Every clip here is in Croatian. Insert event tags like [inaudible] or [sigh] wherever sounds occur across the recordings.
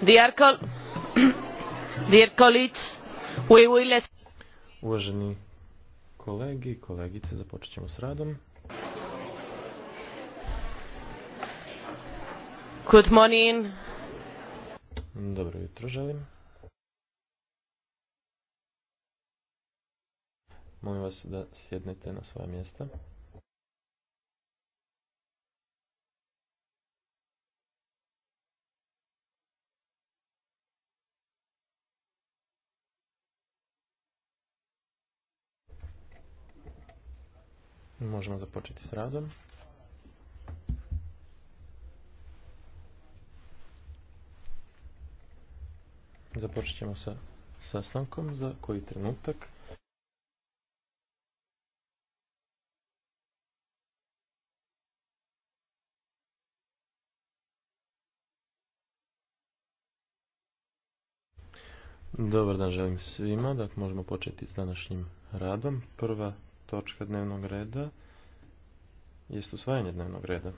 [coughs] Uvaženi kolegi i kolegice, započet ćemo s radom. Dobro jutro želim. Molim vas da sjednete na svoja mjesta. Možemo započeti s radom. Započet ćemo sa sastankom za koji trenutak. Dobar dan želim svima, da dakle, možemo početi s današnjim radom. Prva točka dnevnog reda jest usvajanje dnevnog reda.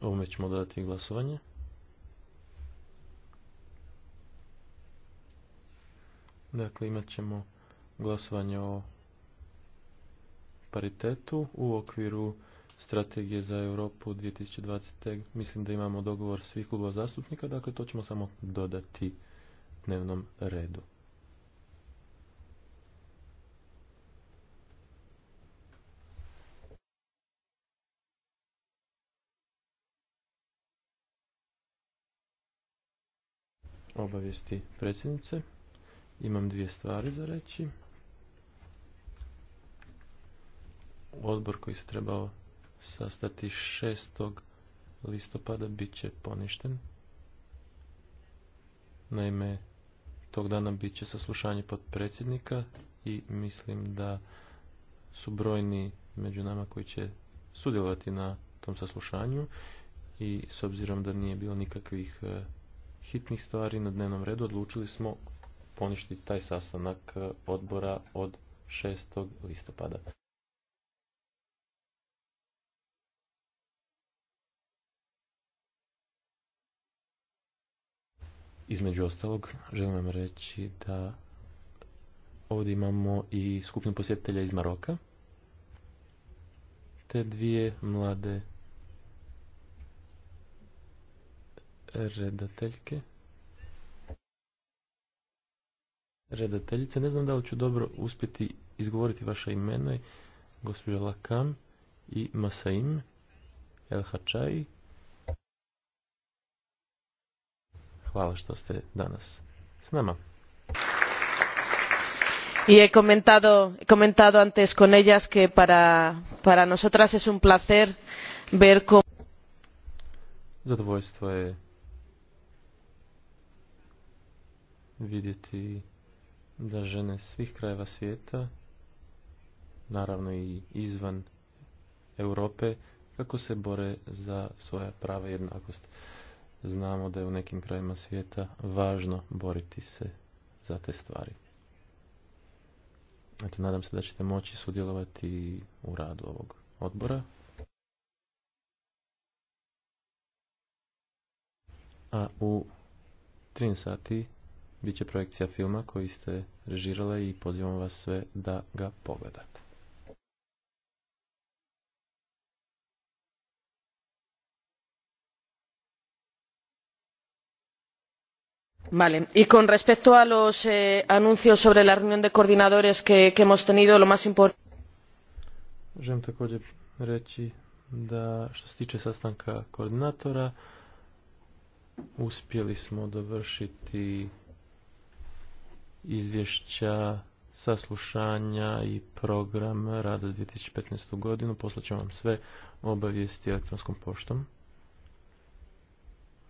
Ovome ćemo dodati glasovanje. Dakle, imat ćemo glasovanje o paritetu u okviru strategije za Europu 2020. Mislim da imamo dogovor svih klubova zastupnika, dakle to ćemo samo dodati dnevnom redu. obavijesti predsjednice. Imam dvije stvari za reći. Odbor koji se trebao sastati 6. listopada bit će poništen. Naime, tog dana bit će saslušanje predsjednika i mislim da su brojni među nama koji će sudjelovati na tom saslušanju i s obzirom da nije bilo nikakvih e, hitnih stvari na dnevnom redu odlučili smo poništiti taj sastanak e, odbora od 6. listopada. Između ostalog, želim vam reći da ovdje imamo i skupinu posjetitelja iz Maroka, te dvije mlade redateljke. Redateljice, ne znam da li ću dobro uspjeti izgovoriti vaše imena, gospođa Lakan i Masaim El Hačaj. Hvala što ste danas s nama. Y he comentado, he comentado antes con ellas que para, para nosotras es un placer ver cómo... Zadovoljstvo je vidjeti da žene svih krajeva svijeta, naravno i izvan Europe, kako se bore za svoja prava jednakost znamo da je u nekim krajima svijeta važno boriti se za te stvari. Eto, nadam se da ćete moći sudjelovati u radu ovog odbora. A u 13 sati bit će projekcija filma koji ste režirala i pozivam vas sve da ga pogledate. Vale. i con respecto a los eh, anuncios sobre la reunión de coordinadores que, que hemos tenido, lo más importante... Želim također reći da što se tiče sastanka koordinatora, uspjeli smo dovršiti izvješća, saslušanja i program rada za 2015. godinu. Poslaću vam sve obavijesti elektronskom poštom.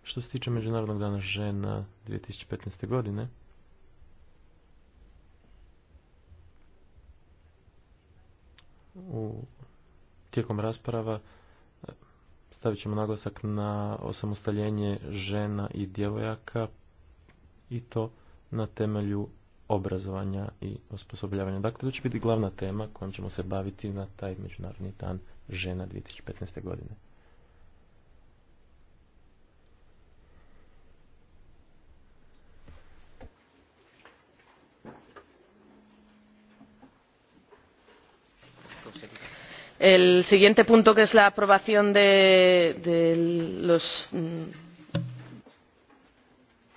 Što se tiče Međunarodnog dana žena 2015. godine, u tijekom rasprava e, stavit ćemo naglasak na osamostaljenje žena i djevojaka i to na temelju obrazovanja i osposobljavanja. Dakle, to će biti glavna tema kojom ćemo se baviti na taj Međunarodni dan žena 2015. godine. el siguiente punto que es la aprobación de, de los mm,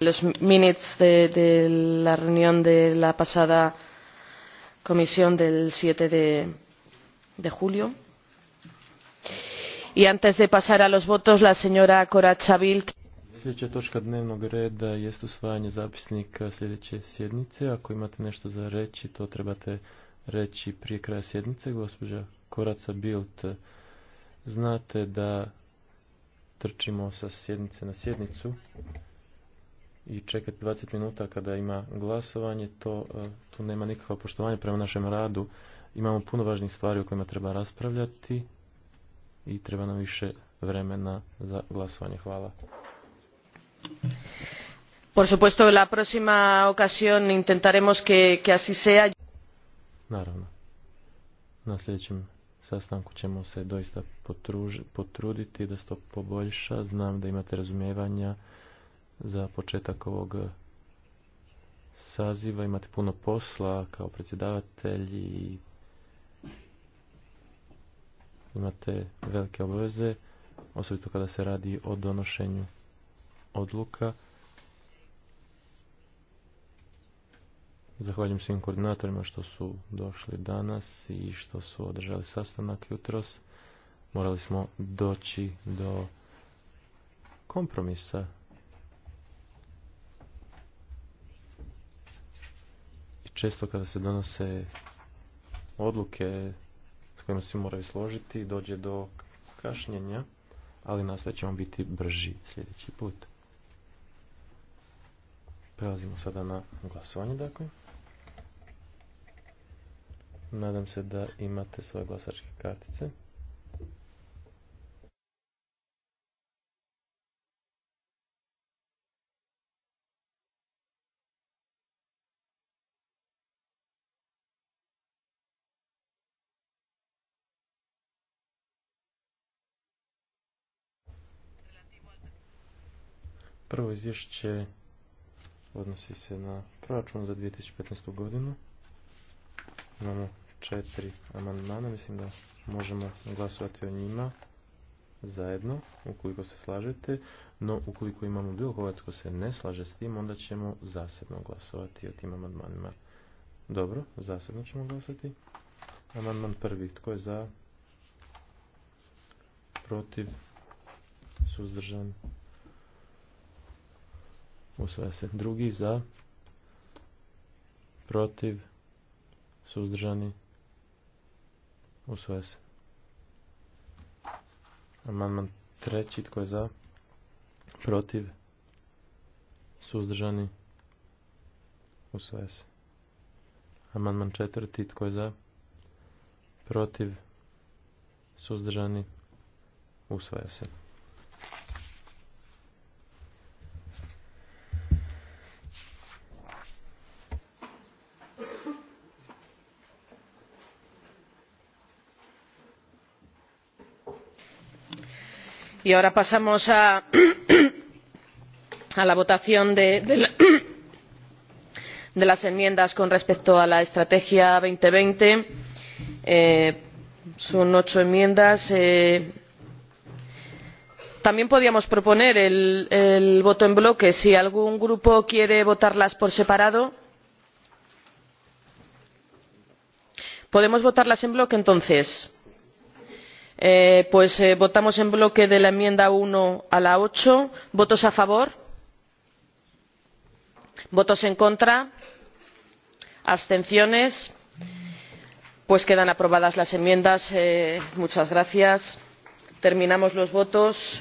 los de, la reunión de la pasada comisión del 7 de, julio. I antes de pasar a los votos, la señora Coracha Bild. Sljedeća točka dnevnog reda jest usvajanje zapisnika sljedeće sjednice. Ako imate nešto za reći, to trebate reći prije kraja sjednice, gospođa Koraca Bilt, znate da trčimo sa sjednice na sjednicu i čekati 20 minuta kada ima glasovanje, to, e, tu nema nikakva poštovanja prema našem radu. Imamo puno važnih stvari o kojima treba raspravljati i treba nam više vremena za glasovanje. Hvala. Por supuesto, la próxima ocasión intentaremos que, que así sea. Naravno. Na sljedećem sastanku ćemo se doista potruditi da se to poboljša. Znam da imate razumijevanja za početak ovog saziva. Imate puno posla kao predsjedavatelj i imate velike obveze, osobito kada se radi o donošenju odluka. Zahvaljujem svim koordinatorima što su došli danas i što su održali sastanak jutros. Morali smo doći do kompromisa. I često kada se donose odluke s kojima se moraju složiti, dođe do kašnjenja, ali nas ćemo biti brži sljedeći put. Prelazimo sada na glasovanje, dakle. Nadam se da imate svoje glasačke kartice. Prvo izvješće odnosi se na proračun za 2015. godinu. Imamo četiri amandmana. Mislim da možemo glasovati o njima zajedno, ukoliko se slažete. No, ukoliko imamo bilo koga tko se ne slaže s tim, onda ćemo zasebno glasovati o tim amandmanima. Dobro, zasebno ćemo glasati. Amandman prvi. Tko je za? Protiv? Suzdržan? Usvaja se. Drugi za? Protiv? Suzdržani? Usvoje se. Amandman treći, tko je za? Protiv? Suzdržani? usvoje se. Amandman četvrti, tko je za? Protiv? Suzdržani? Usvaja se. y ahora pasamos a, [clears throat] la votación [clears throat] de, las enmiendas con respecto a la estrategia dos mil veinte eh, son ocho enmiendas. Eh. también podíamos proponer el voto en bloque si algún grupo quiere votarlas por separado. podemos votarlas en bloque entonces? Eh, pues eh, votamos en bloque de la enmienda uno a la ocho votos a favor votos en contra abstenciones pues quedan aprobadas las enmiendas eh, muchas gracias terminamos los votos.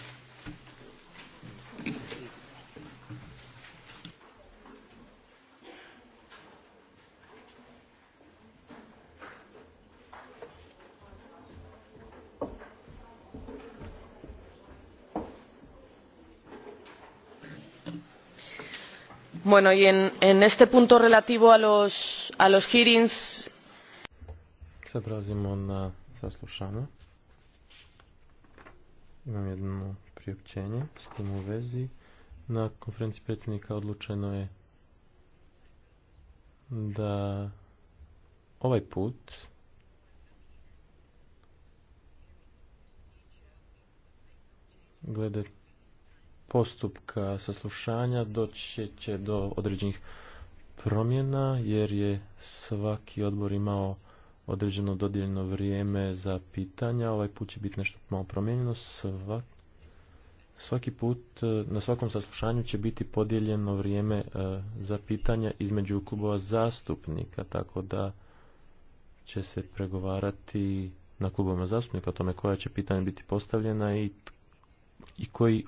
Bueno, y en, en este punto relativo a los, a los hearings... Sad prelazimo na saslušanje. Imam jedno priopćenje s tim u vezi. Na konferenciji predsjednika odlučeno je da ovaj put glede postupka saslušanja doći će do određenih promjena jer je svaki odbor imao određeno dodijeljeno vrijeme za pitanja. Ovaj put će biti nešto malo promijenjeno. Svaki put, e, na svakom saslušanju će biti podijeljeno vrijeme e, za pitanja između klubova zastupnika, tako da će se pregovarati na klubovima zastupnika o tome koja će pitanja biti postavljena i, i koji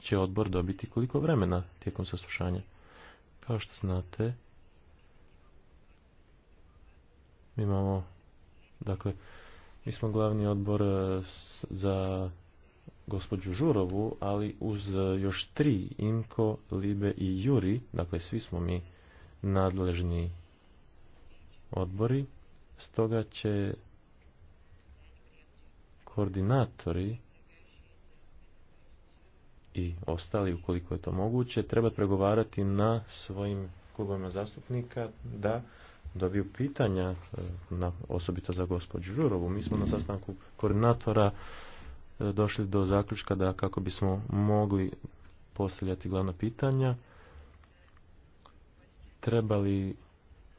će odbor dobiti koliko vremena tijekom saslušanja. Kao što znate, mi imamo, dakle, mi smo glavni odbor e, za gospođu Žurovu, ali uz e, još tri, Inko, Libe i Juri, dakle svi smo mi nadležni odbori, stoga će koordinatori i ostali, ukoliko je to moguće, treba pregovarati na svojim klubovima zastupnika da dobiju pitanja, e, na, osobito za gospođu Žurovu. Mi smo na sastanku koordinatora e, došli do zaključka da kako bismo mogli postavljati glavna pitanja, trebali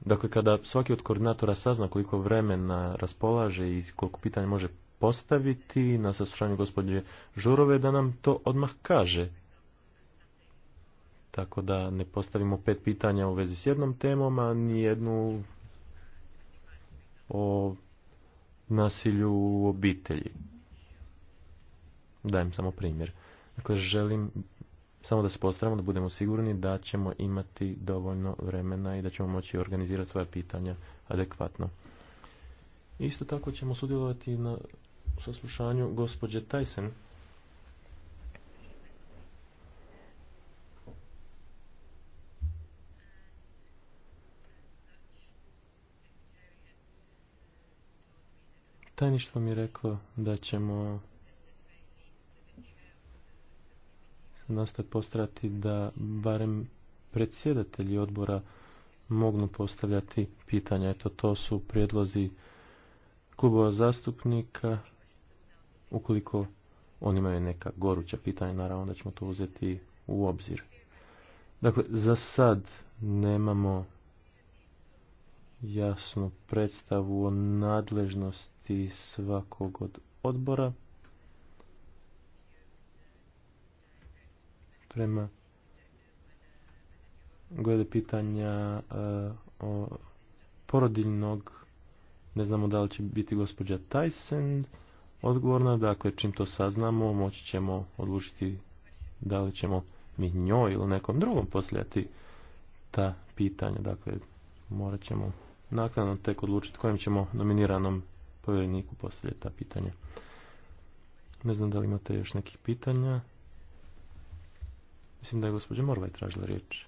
Dakle, kada svaki od koordinatora sazna koliko vremena raspolaže i koliko pitanja može postaviti na saslušanju gospođe Žurove da nam to odmah kaže. Tako da ne postavimo pet pitanja u vezi s jednom temom, a ni jednu o nasilju u obitelji. Dajem samo primjer. Dakle, želim samo da se postavimo, da budemo sigurni da ćemo imati dovoljno vremena i da ćemo moći organizirati svoje pitanja adekvatno. Isto tako ćemo sudjelovati na saslušanju gospođe Tyson. Tajništvo mi je reklo da ćemo nastaviti postrati da barem predsjedatelji odbora mogu postavljati pitanja. Eto, to su prijedlozi klubova zastupnika Ukoliko oni imaju neka goruća pitanja, naravno da ćemo to uzeti u obzir. Dakle, za sad nemamo jasnu predstavu o nadležnosti svakog od odbora prema glede pitanja eh, o porodiljnog ne znamo da li će biti gospođa Tyson odgovorna. Dakle, čim to saznamo, moći ćemo odlučiti da li ćemo mi njoj ili nekom drugom posljati ta pitanja. Dakle, morat ćemo naknadno tek odlučiti kojem ćemo nominiranom povjereniku postavljati ta pitanja. Ne znam da li imate još nekih pitanja. Mislim da je gospođa Morvaj tražila riječ.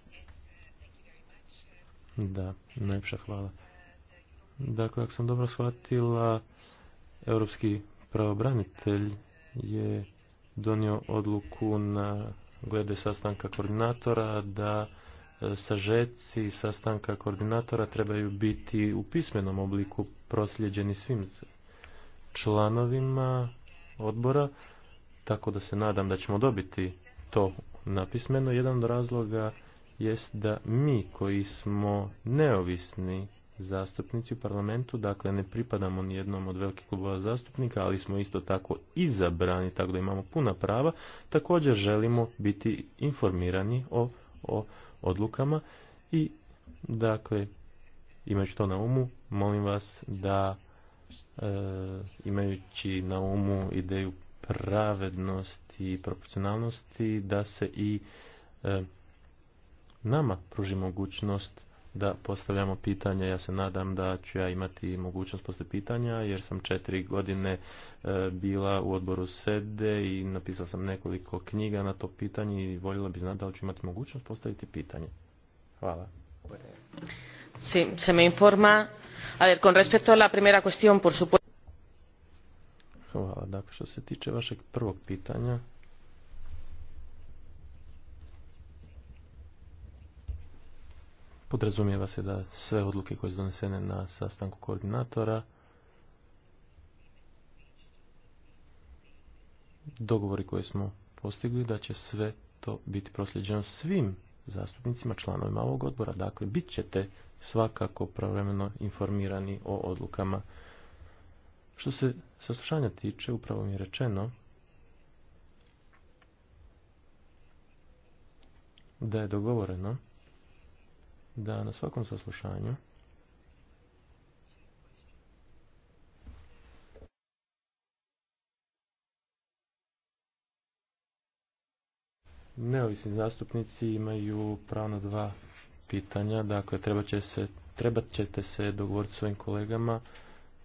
Da, najpša hvala. Dakle, ako sam dobro shvatila, Europski pravobranitelj je donio odluku na glede sastanka koordinatora da e, sažeci sastanka koordinatora trebaju biti u pismenom obliku prosljeđeni svim članovima odbora, tako da se nadam da ćemo dobiti to napismeno. Jedan od razloga jest da mi koji smo neovisni zastupnici u parlamentu, dakle ne pripadamo ni jednom od velikih klubova zastupnika, ali smo isto tako izabrani, tako da imamo puna prava, također želimo biti informirani o, o odlukama i dakle imajući to na umu, molim vas da e, imajući na umu ideju pravednosti i proporcionalnosti da se i e, nama pruži mogućnost da postavljamo pitanja. Ja se nadam da ću ja imati mogućnost posle pitanja jer sam četiri godine e, bila u odboru SEDE i napisao sam nekoliko knjiga na to pitanje i voljela bih znati da li ću imati mogućnost postaviti pitanje. Hvala. se me informa. A ver, con respecto a la primera cuestión, por supuesto. Hvala. Dakle, što se tiče vašeg prvog pitanja, podrazumijeva se da sve odluke koje su donesene na sastanku koordinatora dogovori koje smo postigli da će sve to biti prosljeđeno svim zastupnicima, članovima ovog odbora. Dakle, bit ćete svakako pravremeno informirani o odlukama. Što se saslušanja tiče, upravo mi je rečeno da je dogovoreno da na svakom saslušanju neovisni zastupnici imaju pravo na dva pitanja, dakle trebat, se, trebat ćete se dogovoriti s svojim kolegama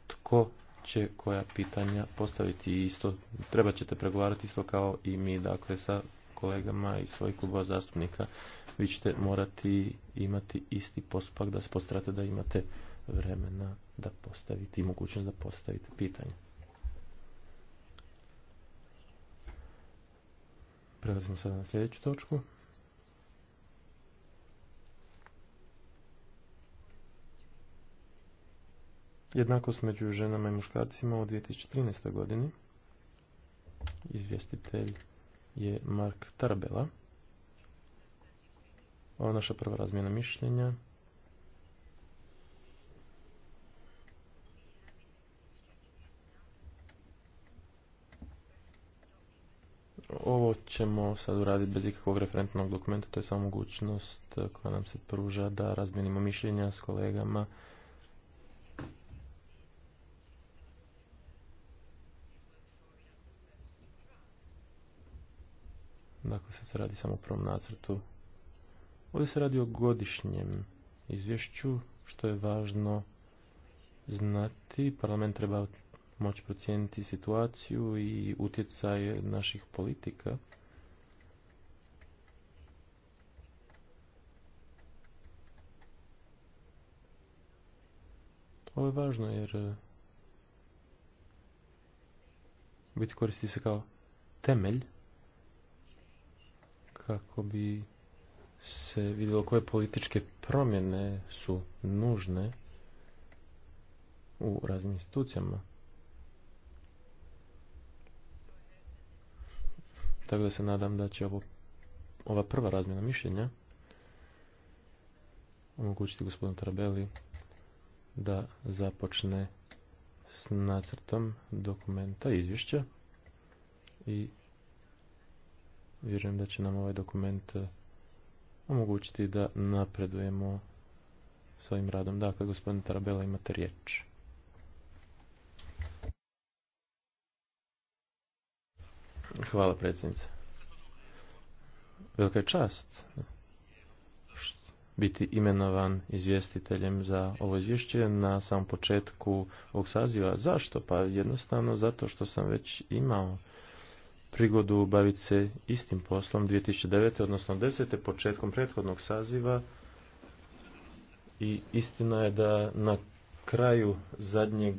tko će koja pitanja postaviti isto, trebat ćete pregovarati isto kao i mi, dakle sa kolegama i svojih klubova zastupnika. Vi ćete morati imati isti postupak da se postrate da imate vremena da postavite i mogućnost da postavite pitanje. Prelazimo sada na sljedeću točku. Jednakost među ženama i muškarcima u 2013. godini. Izvjestitelj je Mark Tarabela. Ovo je naša prva razmjena mišljenja. Ovo ćemo sad uraditi bez ikakvog referentnog dokumenta, to je samo mogućnost koja nam se pruža da razmijenimo mišljenja s kolegama Dakle, sad se radi samo o prvom nacrtu. Ovdje se radi o godišnjem izvješću, što je važno znati. Parlament treba moći procijeniti situaciju i utjecaj naših politika. Ovo je važno jer eh, biti koristi se kao temelj kako bi se vidjelo koje političke promjene su nužne u raznim institucijama. Tako da se nadam da će ovo, ova prva razmjena mišljenja omogućiti gospodinu Trabeli da započne s nacrtom dokumenta izvješća i Vjerujem da će nam ovaj dokument eh, omogućiti da napredujemo svojim radom. Dakle, gospodin Tarabela, imate riječ. Hvala predsjednice. Velika je čast biti imenovan izvjestiteljem za ovo izvješće na samom početku ovog saziva. Zašto? Pa jednostavno zato što sam već imao prigodu baviti se istim poslom 2009. odnosno 10. početkom prethodnog saziva i istina je da na kraju zadnjeg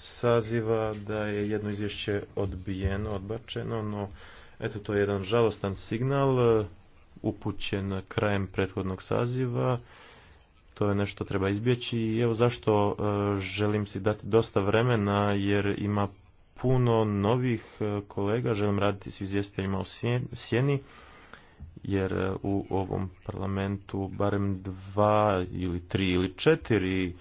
saziva da je jedno izvješće odbijeno, odbačeno, no eto to je jedan žalostan signal upućen krajem prethodnog saziva. To je nešto treba izbjeći i evo zašto e, želim si dati dosta vremena jer ima puno novih e, kolega, želim raditi s izvjestiteljima u Sjeni, jer e, u ovom parlamentu barem dva ili tri ili četiri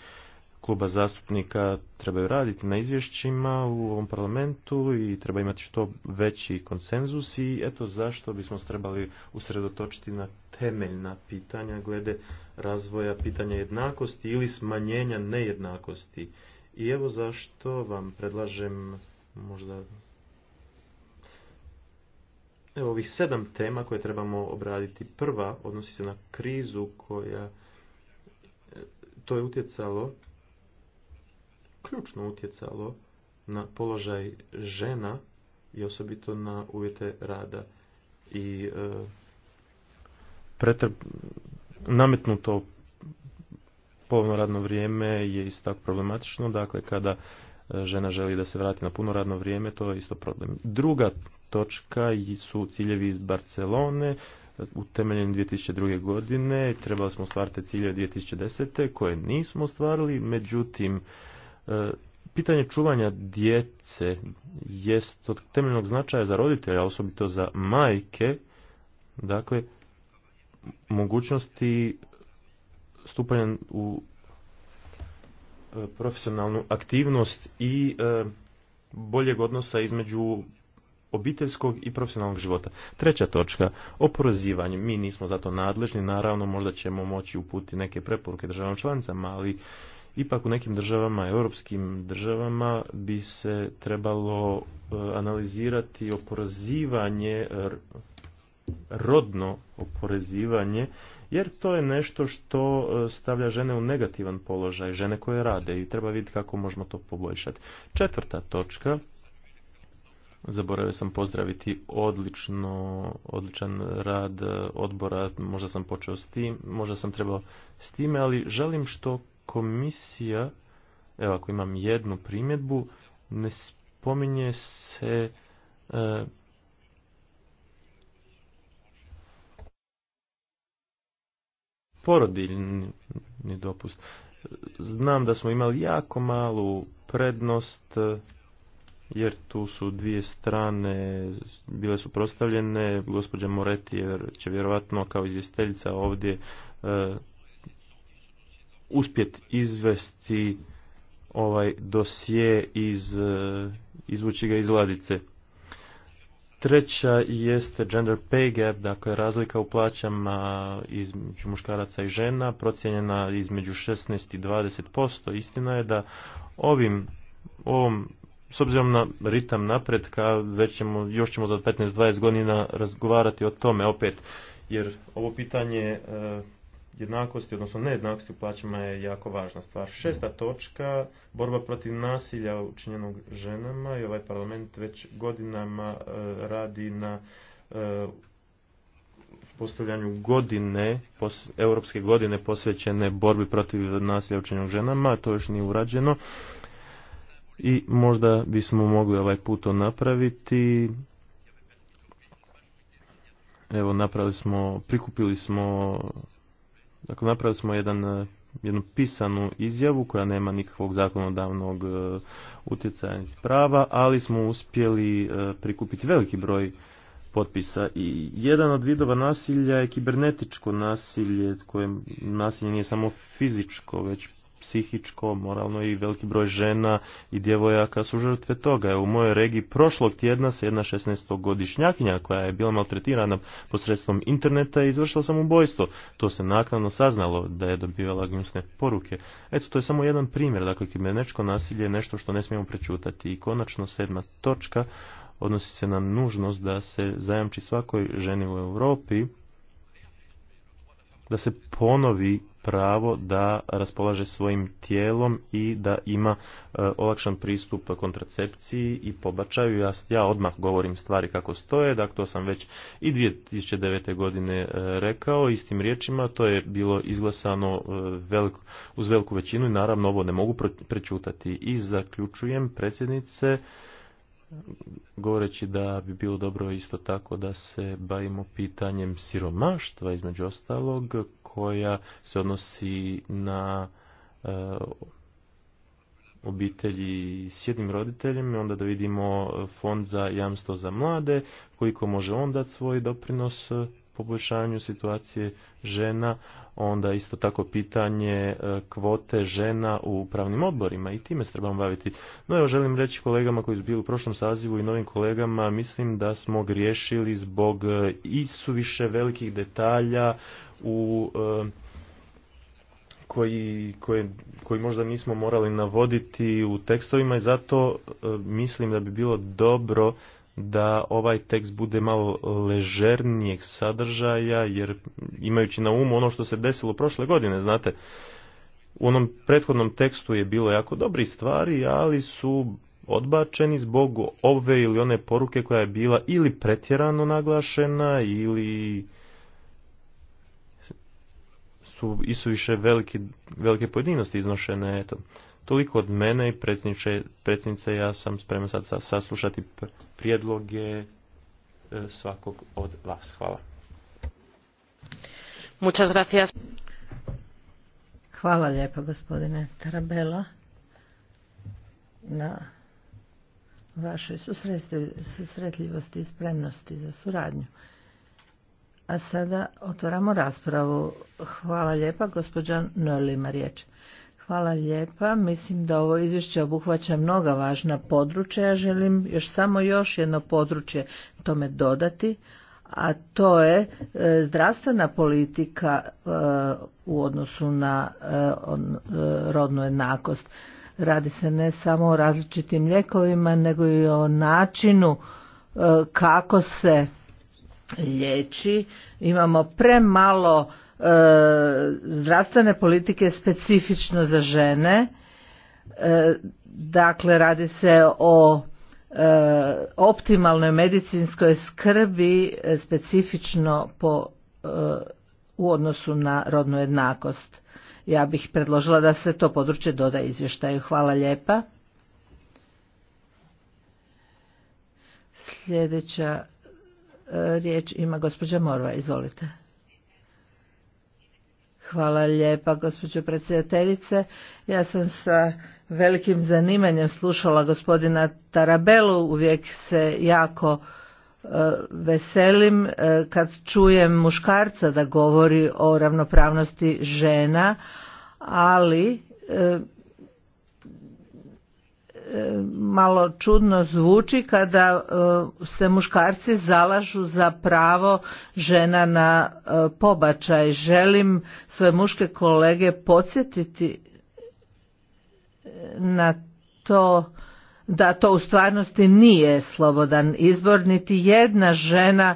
kluba zastupnika trebaju raditi na izvješćima u ovom parlamentu i treba imati što veći konsenzus i eto zašto bismo trebali usredotočiti na temeljna pitanja glede razvoja pitanja jednakosti ili smanjenja nejednakosti. I evo zašto vam predlažem možda Evo ovih sedam tema koje trebamo obraditi. Prva odnosi se na krizu koja to je utjecalo, ključno utjecalo na položaj žena i osobito na uvjete rada. I e, nametnuto polovno radno vrijeme je isto tako problematično. Dakle, kada žena želi da se vrati na puno radno vrijeme, to je isto problem. Druga točka su ciljevi iz Barcelone, uh, utemeljeni 2002. godine, trebali smo ostvariti ciljeve 2010. koje nismo ostvarili, međutim, uh, pitanje čuvanja djece jest od temeljnog značaja za roditelja, osobito za majke, dakle, mogućnosti stupanja u profesionalnu aktivnost i e, boljeg odnosa između obiteljskog i profesionalnog života. Treća točka, oporezivanje. Mi nismo zato nadležni, naravno možda ćemo moći uputiti neke preporuke državama članicama, ali ipak u nekim državama, europskim državama bi se trebalo e, analizirati oporezivanje rodno oporezivanje jer to je nešto što e, stavlja žene u negativan položaj, žene koje rade i treba vidjeti kako možemo to poboljšati. Četvrta točka, zaboravio sam pozdraviti odlično, odličan rad e, odbora, možda sam počeo s tim, možda sam trebao s time, ali želim što komisija, evo ako imam jednu primjedbu, ne spominje se e, porodiljni dopust. Znam da smo imali jako malu prednost jer tu su dvije strane bile suprotstavljene. Gospođa Moreti će vjerojatno kao izvjesteljica ovdje e, uspjet izvesti ovaj dosje iz, e, izvući ga iz ladice. Treća jeste gender pay gap, dakle razlika u plaćama između muškaraca i žena, procijenjena između 16 i 20%. Istina je da ovim, ovom, s obzirom na ritam napretka, već ćemo, još ćemo za 15-20 godina razgovarati o tome opet, jer ovo pitanje e, jednakosti, odnosno nejednakosti u plaćama je jako važna stvar. Šesta točka, borba protiv nasilja učinjenog ženama i ovaj parlament već godinama e, radi na e, postavljanju godine, europske godine posvećene borbi protiv nasilja učinjenog ženama, to još nije urađeno. I možda bismo mogli ovaj put to napraviti. Evo, napravili smo, prikupili smo Dakle, napravili smo jedan, eh, jednu pisanu izjavu koja nema nikakvog zakonodavnog eh, utjecaja prava, ali smo uspjeli eh, prikupiti veliki broj potpisa. I jedan od vidova nasilja je kibernetičko nasilje, koje nasilje nije samo fizičko, već psihičko, moralno i veliki broj žena i djevojaka su žrtve toga. U mojoj regiji prošlog tjedna se jedna 16-godišnjakinja koja je bila maltretirana posredstvom interneta i izvršila samoubojstvo. To se naknadno saznalo da je dobivala gnjusne poruke. Eto, to je samo jedan primjer. Dakle, kibernetičko nasilje je nešto što ne smijemo prečutati. I konačno sedma točka odnosi se na nužnost da se zajamči svakoj ženi u Europi da se ponovi pravo da raspolaže svojim tijelom i da ima e, olakšan pristup kontracepciji i pobačaju. Ja, ja odmah govorim stvari kako stoje, dakle to sam već i 2009. godine e, rekao istim riječima, to je bilo izglasano e, uz veliku većinu i naravno ovo ne mogu prečutati. I zaključujem predsjednice govoreći da bi bilo dobro isto tako da se bavimo pitanjem siromaštva između ostalog koja se odnosi na e, obitelji s jednim roditeljem onda da vidimo fond za jamstvo za mlade koliko može on dati svoj doprinos poboljšanju situacije žena, onda isto tako pitanje e, kvote žena u upravnim odborima i time se trebamo baviti. No evo želim reći kolegama koji su bili u prošlom sazivu i novim kolegama, mislim da smo griješili zbog e, isuviše velikih detalja u e, koji, koje, koji možda nismo morali navoditi u tekstovima i zato mislim da bi bilo dobro da ovaj tekst bude malo ležernijeg sadržaja, jer imajući na umu ono što se desilo prošle godine, znate, u onom prethodnom tekstu je bilo jako dobri stvari, ali su odbačeni zbog ove ili one poruke koja je bila ili pretjerano naglašena ili su isuviše velike, velike pojedinosti iznošene. Eto. Toliko od mene i predsjednice, ja sam spreman sad saslušati prijedloge e, svakog od vas. Hvala. Muchas gracias. Hvala lijepo gospodine Tarabela na vašoj susretljivosti i spremnosti za suradnju. A sada otvoramo raspravu. Hvala lijepa, gospođa Nolima riječ. Hvala lijepa. Mislim da ovo izvješće obuhvaća mnoga važna područja. Ja želim još samo još jedno područje tome dodati, a to je e, zdravstvena politika e, u odnosu na e, rodnu jednakost. Radi se ne samo o različitim lijekovima, nego i o načinu kako se liječi. Imamo premalo E, zdravstvene politike specifično za žene. E, dakle, radi se o e, optimalnoj medicinskoj skrbi specifično po, u odnosu na rodnu jednakost. Ja bih predložila da se to područje doda izvještaju. Hvala lijepa. Sljedeća riječ ima gospođa Morva. Izvolite. Hvala lijepa, gospođo predsjedateljice. Ja sam sa velikim zanimanjem slušala gospodina Tarabelu, uvijek se jako e, veselim e, kad čujem muškarca da govori o ravnopravnosti žena, ali e, malo čudno zvuči kada e, se muškarci zalažu za pravo žena na e, pobačaj. Želim svoje muške kolege podsjetiti e, na to da to u stvarnosti nije slobodan izbor, niti jedna žena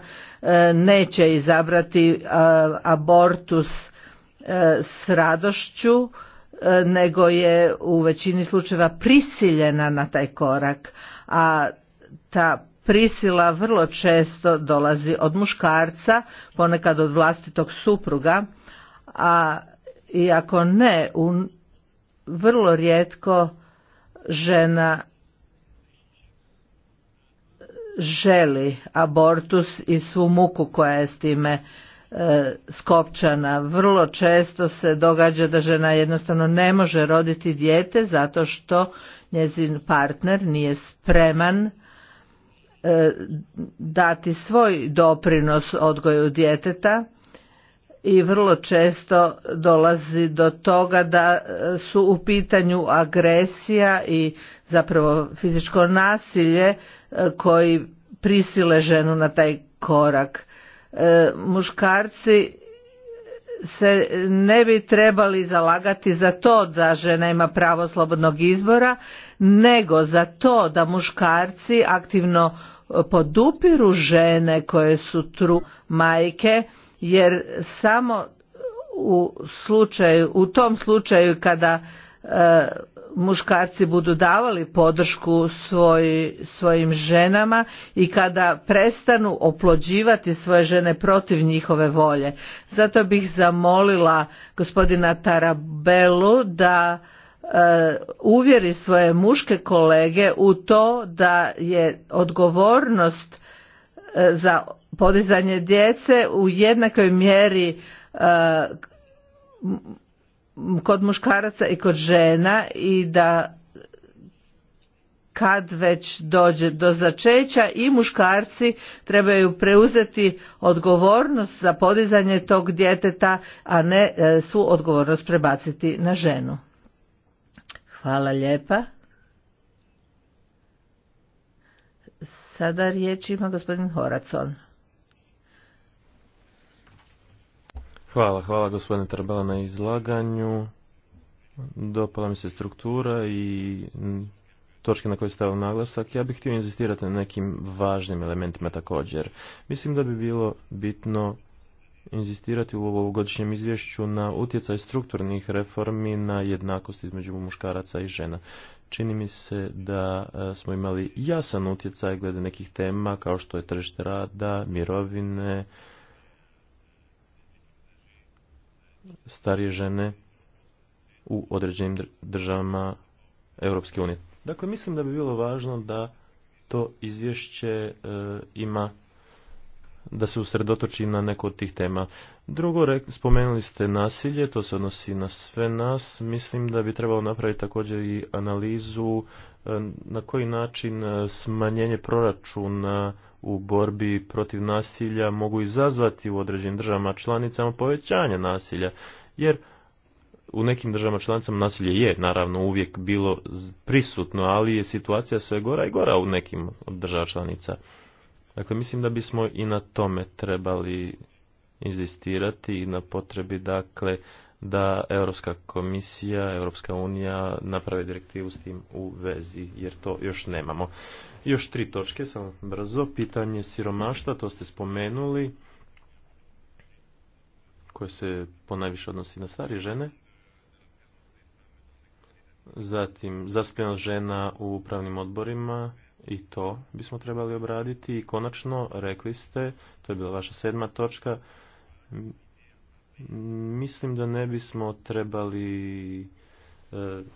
neće izabrati abortus s radošću E, nego je u većini slučajeva prisiljena na taj korak, a ta prisila vrlo često dolazi od muškarca, ponekad od vlastitog supruga, a i ako ne, vrlo rijetko žena želi abortus i svu muku koja je s time E, skopčana. Vrlo često se događa da žena jednostavno ne može roditi dijete zato što njezin partner nije spreman e, dati svoj doprinos odgoju djeteta i vrlo često dolazi do toga da e, su u pitanju agresija i zapravo fizičko nasilje koji prisile ženu na taj korak E, muškarci se ne bi trebali zalagati za to da žena ima pravo slobodnog izbora, nego za to da muškarci aktivno podupiru žene koje su tru majke, jer samo u, slučaju, u tom slučaju kada e, muškarci budu davali podršku svoj, svojim ženama i kada prestanu oplođivati svoje žene protiv njihove volje. Zato bih zamolila gospodina Tarabelu da e, uvjeri svoje muške kolege u to da je odgovornost e, za podizanje djece u jednakoj mjeri e, kod muškaraca i kod žena i da kad već dođe do začeća i muškarci trebaju preuzeti odgovornost za podizanje tog djeteta, a ne e, svu odgovornost prebaciti na ženu. Hvala lijepa. Sada riječ ima gospodin Horacon. Hvala, hvala gospodine Tarbala na izlaganju. Dopala mi se struktura i točke na koje stavio naglasak. Ja bih htio inzistirati na nekim važnim elementima također. Mislim da bi bilo bitno inzistirati u godišnjem izvješću na utjecaj strukturnih reformi na jednakost između muškaraca i žena. Čini mi se da e, smo imali jasan utjecaj glede nekih tema kao što je tržište rada, mirovine, starije žene u određenim državama Europske unije. Dakle, mislim da bi bilo važno da to izvješće e, ima da se usredotoči na neko od tih tema. Drugo, spomenuli ste nasilje, to se odnosi na sve nas. Mislim da bi trebalo napraviti također i analizu e, na koji način e, smanjenje proračuna u borbi protiv nasilja mogu izazvati u određenim državama članicama povećanje nasilja, jer u nekim državama članicama nasilje je naravno uvijek bilo prisutno, ali je situacija sve gora i gora u nekim od država članica. Dakle, mislim da bismo i na tome trebali inzistirati i na potrebi dakle da Europska komisija, Europska unija naprave direktivu s tim u vezi, jer to još nemamo. Još tri točke, samo brzo. Pitanje siromaštva, to ste spomenuli, koje se ponajviše odnosi na starije žene. Zatim, zastupljenost žena u upravnim odborima, i to bismo trebali obraditi. I konačno, rekli ste, to je bila vaša sedma točka, Mislim da ne bismo trebali e,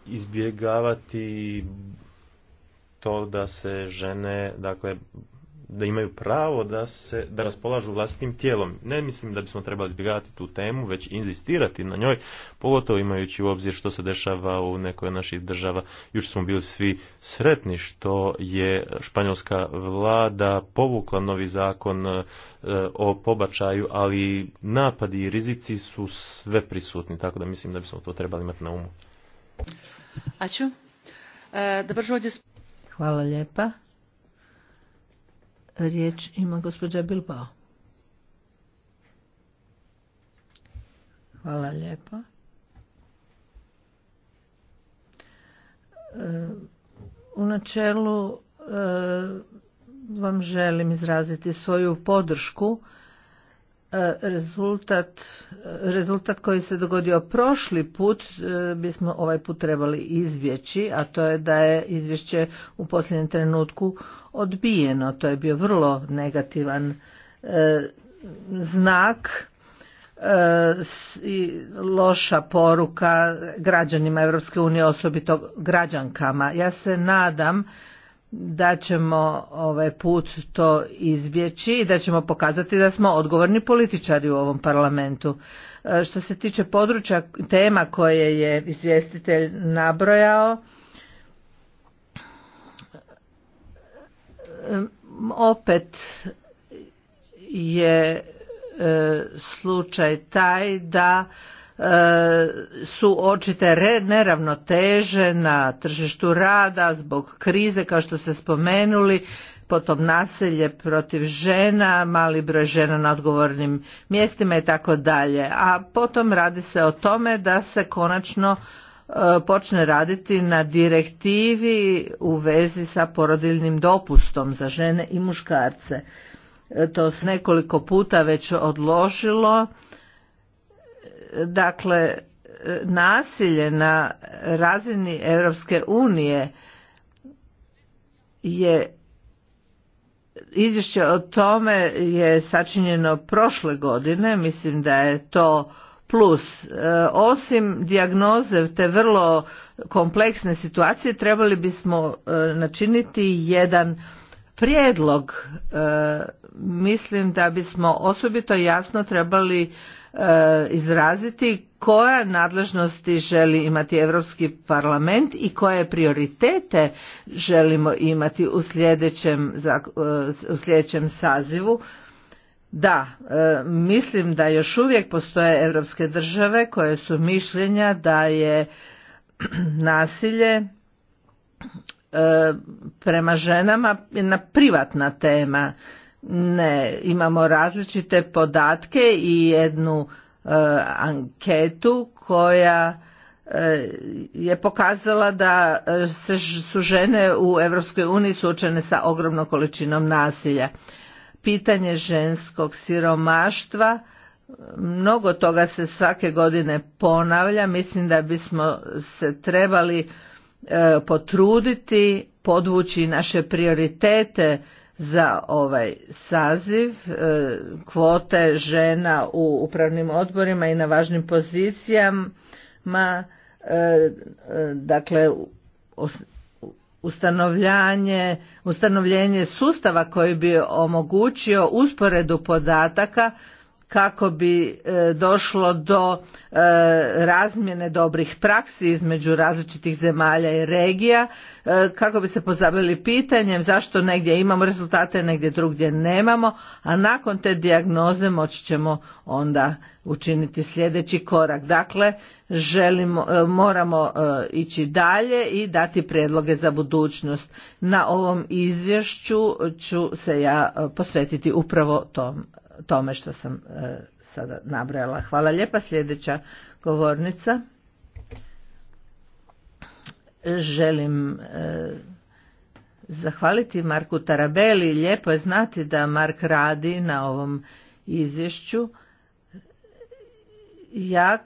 izbjegavati to da se žene, dakle, da imaju pravo da, se, da raspolažu vlastitim tijelom. Ne mislim da bismo trebali izbjegavati tu temu, već inzistirati na njoj, pogotovo imajući u obzir što se dešava u nekoj naših država. jučer smo bili svi sretni što je španjolska vlada povukla novi zakon e, o pobačaju, ali napadi i rizici su sve prisutni, tako da mislim da bismo to trebali imati na umu. E, Hvala lijepa. Riječ ima gospođa Bilbao. Hvala lijepa. E, u načelu e, vam želim izraziti svoju podršku. E, rezultat, rezultat koji se dogodio prošli put bismo ovaj put trebali izbjeći, a to je da je izvješće u posljednjem trenutku odbijeno. To je bio vrlo negativan e, znak e, i loša poruka građanima Europske unije, osobito građankama. Ja se nadam da ćemo ovaj put to izbjeći i da ćemo pokazati da smo odgovorni političari u ovom parlamentu. E, što se tiče područja tema koje je izvjestitelj nabrojao, opet je e, slučaj taj da e, su očite neravnoteže na tržištu rada zbog krize kao što ste spomenuli potom nasilje protiv žena, mali broj žena na odgovornim mjestima i tako dalje. A potom radi se o tome da se konačno E, počne raditi na direktivi u vezi sa porodiljnim dopustom za žene i muškarce. E, to se nekoliko puta već odložilo. E, dakle, nasilje na razini Europske unije je izvješće o tome je sačinjeno prošle godine, mislim da je to plus. E, osim dijagnoze te vrlo kompleksne situacije trebali bismo e, načiniti jedan prijedlog. E, mislim da bismo osobito jasno trebali izraziti koja nadležnosti želi imati Europski parlament i koje prioritete želimo imati u sljedećem, u sljedećem sazivu da, e, mislim da još uvijek postoje europske države koje su mišljenja da je [clears throat] nasilje e, prema ženama jedna privatna tema. Ne, imamo različite podatke i jednu e, anketu koja je pokazala da su žene u Europskoj uniji suočene sa ogromnom količinom nasilja pitanje ženskog siromaštva. Mnogo toga se svake godine ponavlja. Mislim da bismo se trebali e, potruditi, podvući naše prioritete za ovaj saziv, e, kvote žena u upravnim odborima i na važnim pozicijama, e, dakle ustanovljanje, ustanovljenje sustava koji bi omogućio usporedu podataka kako bi e, došlo do e, razmjene dobrih praksi između različitih zemalja i regija, e, kako bi se pozabili pitanjem zašto negdje imamo rezultate, negdje drugdje nemamo, a nakon te dijagnoze moći ćemo onda učiniti sljedeći korak. Dakle, želimo, moramo ići dalje i dati prijedloge za budućnost. Na ovom izvješću ću se ja posvetiti upravo tom tome što sam e, sada nabrojala. Hvala lijepa. Sljedeća govornica. Želim e, zahvaliti Marku Tarabeli. Lijepo je znati da Mark radi na ovom izvješću. Ja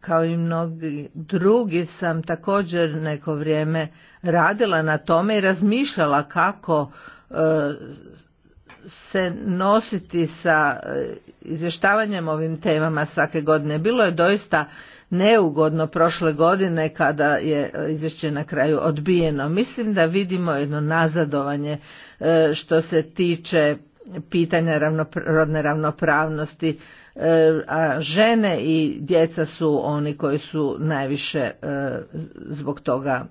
kao, i mnogi drugi sam također neko vrijeme radila na tome i razmišljala kako e, se nositi sa e, izvještavanjem ovim temama svake godine. Bilo je doista neugodno prošle godine kada je e, izvješće na kraju odbijeno. Mislim da vidimo jedno nazadovanje e, što se tiče pitanja rodne ravnopravnosti, a žene i djeca su oni koji su najviše zbog toga,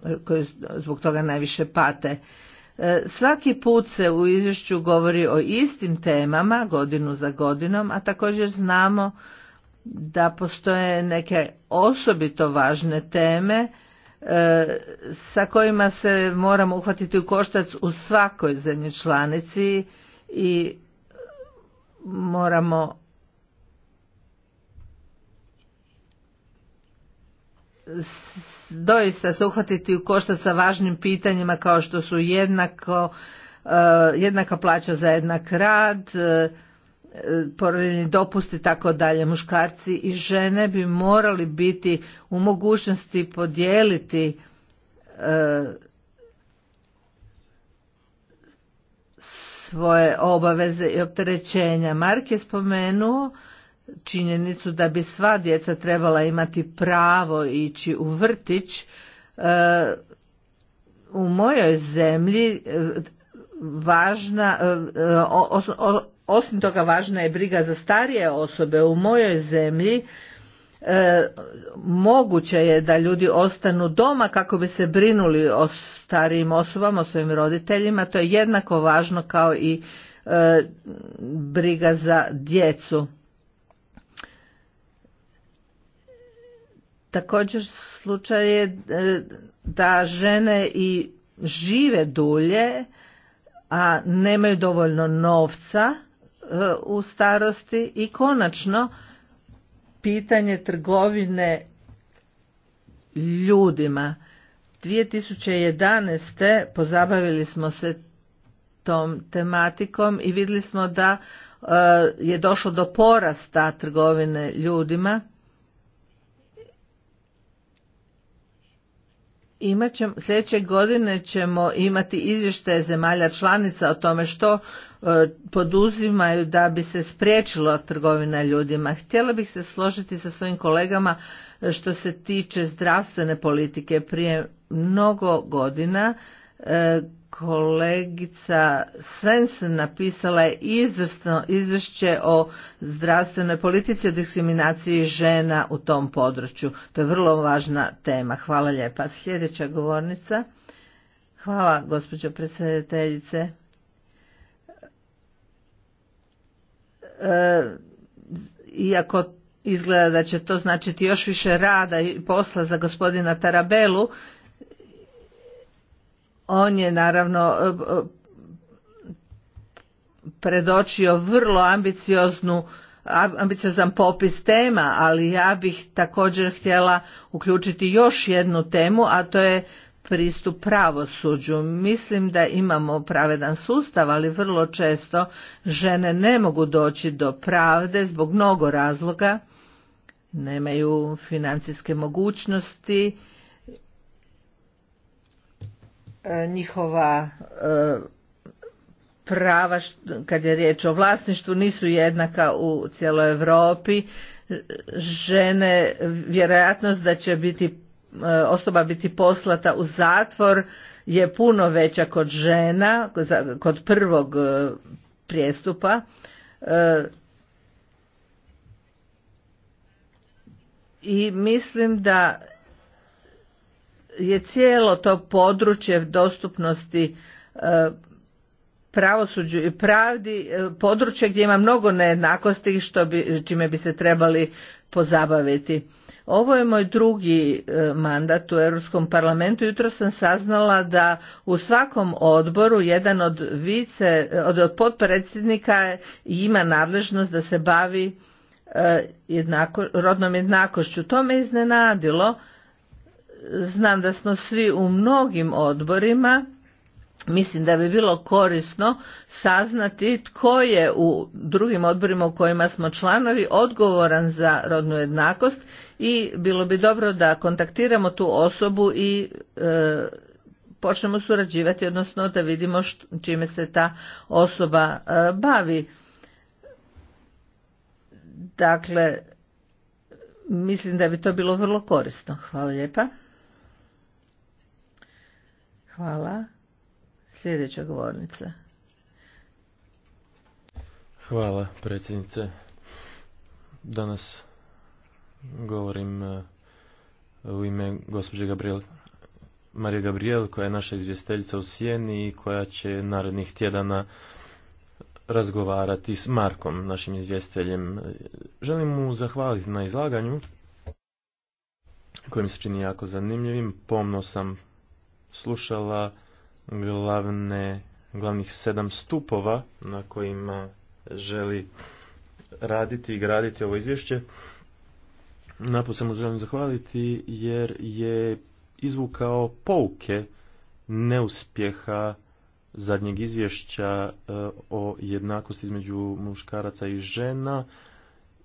zbog toga najviše pate. E, svaki put se u izvješću govori o istim temama godinu za godinom, a također znamo da postoje neke osobito važne teme e, sa kojima se moramo uhvatiti u koštac u svakoj zemlji članici i moramo doista se uhvatiti u koštac sa važnim pitanjima kao što su jednako, e, jednaka plaća za jednak rad, e, porodiljni dopusti, tako dalje. Muškarci i žene bi morali biti u mogućnosti podijeliti e, svoje obaveze i opterećenja. Mark je spomenuo činjenicu da bi sva djeca trebala imati pravo ići u vrtić e, u mojoj zemlji e, važna e, osim toga važna je briga za starije osobe u mojoj zemlji moguće je da ljudi ostanu doma kako bi se brinuli o starijim osobama o svojim roditeljima to je jednako važno kao i briga za djecu Također slučaj je e, da žene i žive dulje, a nemaju dovoljno novca e, u starosti i konačno pitanje trgovine ljudima. 2011. pozabavili smo se tom tematikom i vidjeli smo da e, je došlo do porasta trgovine ljudima imat ćemo, sljedeće godine ćemo imati izvještaje zemalja članica o tome što e, poduzimaju da bi se spriječila trgovina ljudima. Htjela bih se složiti sa svojim kolegama e, što se tiče zdravstvene politike prije mnogo godina e, kolegica Svensson napisala je izvrsno izvješće o zdravstvenoj politici o diskriminaciji žena u tom području. To je vrlo važna tema. Hvala lijepa. Sljedeća govornica. Hvala gospođo predsjedateljice. E, iako izgleda da će to značiti još više rada i posla za gospodina Tarabelu, on je naravno e, e, predočio vrlo ambicioznu ambiciozan popis tema, ali ja bih također htjela uključiti još jednu temu, a to je pristup pravosuđu. Mislim da imamo pravedan sustav, ali vrlo često žene ne mogu doći do pravde zbog mnogo razloga. Nemaju financijske mogućnosti, E, njihova e, prava kad je riječ o vlasništvu nisu jednaka u cijeloj Europi. Žene vjerojatnost da će biti e, osoba biti poslata u zatvor je puno veća kod žena, kod prvog prijestupa. I mislim da je cijelo to područje dostupnosti e, pravosuđu i pravdi e, područje gdje ima mnogo nejednakosti što bi, čime bi se trebali pozabaviti. Ovo je moj drugi e, mandat u Europskom parlamentu. Jutro sam saznala da u svakom odboru jedan od vice, od potpredsjednika ima nadležnost da se bavi jednako, rodnom jednakošću. To me iznenadilo znam da smo svi u mnogim odborima mislim da bi bilo korisno saznati tko je u drugim odborima u kojima smo članovi odgovoran za rodnu jednakost i bilo bi dobro da kontaktiramo tu osobu i e, počnemo surađivati odnosno da vidimo čime se ta osoba e, bavi dakle mislim da bi to bilo vrlo korisno hvala lijepa Hvala. Sljedeća govornica. Hvala predsjednice. Danas govorim e, u ime gospođe Gabriel, Marije Gabriel koja je naša izvjesteljica u Sijeni i koja će narednih tjedana razgovarati s Markom, našim izvjesteljem. Želim mu zahvaliti na izlaganju koje mi se čini jako zanimljivim. Pomno sam slušala glavne, glavnih sedam stupova na kojima želi raditi i graditi ovo izvješće. Naposem mu želim zahvaliti jer je izvukao pouke neuspjeha zadnjeg izvješća eh, o jednakosti između muškaraca i žena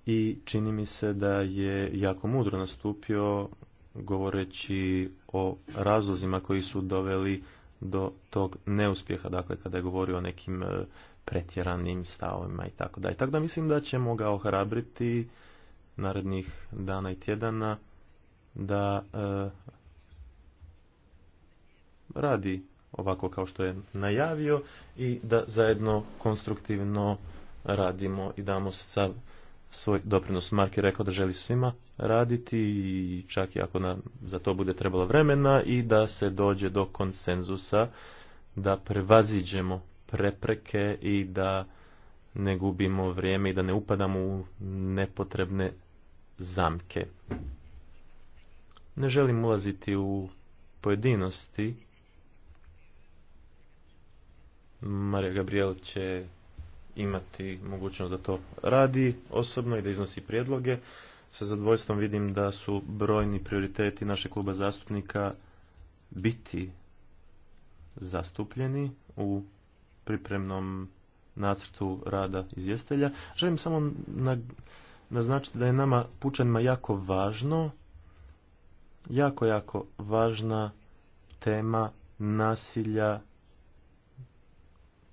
i čini mi se da je jako mudro nastupio govoreći o razlozima koji su doveli do tog neuspjeha, dakle kada je govorio o nekim e, pretjeranim stavovima i tako dalje. Tako da mislim da ćemo ga ohrabriti narednih dana i tjedana da e, radi ovako kao što je najavio i da zajedno konstruktivno radimo i damo sav svoj doprinos. Mark je rekao da želi svima raditi i čak i ako nam za to bude trebalo vremena i da se dođe do konsenzusa da prevaziđemo prepreke i da ne gubimo vrijeme i da ne upadamo u nepotrebne zamke. Ne želim ulaziti u pojedinosti. Marija Gabriel će imati mogućnost da to radi osobno i da iznosi prijedloge sa zadvojstvom vidim da su brojni prioriteti našeg kluba zastupnika biti zastupljeni u pripremnom nacrtu rada izvjestelja. Želim samo naznačiti da je nama pučanima jako važno, jako, jako važna tema nasilja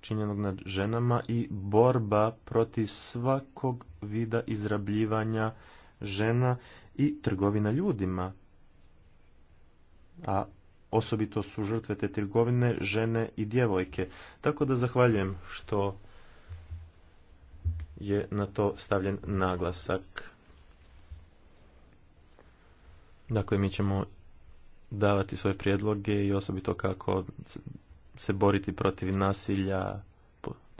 činjenog nad ženama i borba protiv svakog vida izrabljivanja žena i trgovina ljudima. A osobito su žrtve te trgovine žene i djevojke. Tako da zahvaljujem što je na to stavljen naglasak. Dakle, mi ćemo davati svoje prijedloge i osobito kako se boriti protiv nasilja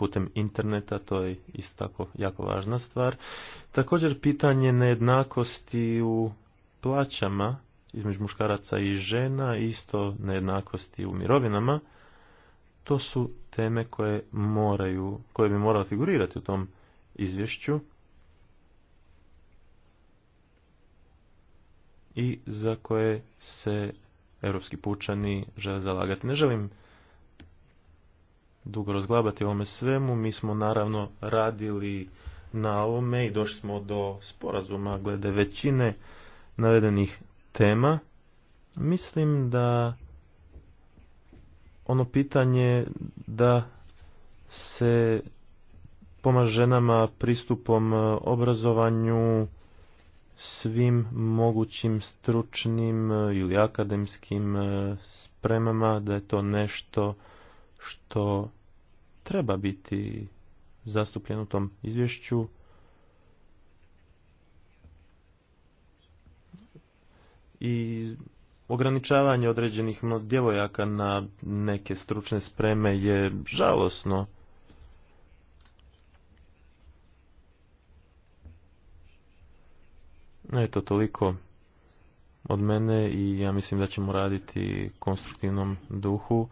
putem interneta, to je isto tako jako važna stvar. Također pitanje nejednakosti u plaćama između muškaraca i žena, isto nejednakosti u mirovinama, to su teme koje moraju, koje bi morala figurirati u tom izvješću. i za koje se europski pučani žele zalagati. Ne želim dugo razglabati o ovome svemu. Mi smo naravno radili na ovome i došli smo do sporazuma glede većine navedenih tema. Mislim da ono pitanje da se pomaže ženama pristupom e, obrazovanju svim mogućim stručnim e, ili akademskim e, spremama, da je to nešto što treba biti zastupljen u tom izvješću. I ograničavanje određenih djevojaka na neke stručne spreme je žalosno. Eto, toliko od mene i ja mislim da ćemo raditi konstruktivnom duhu.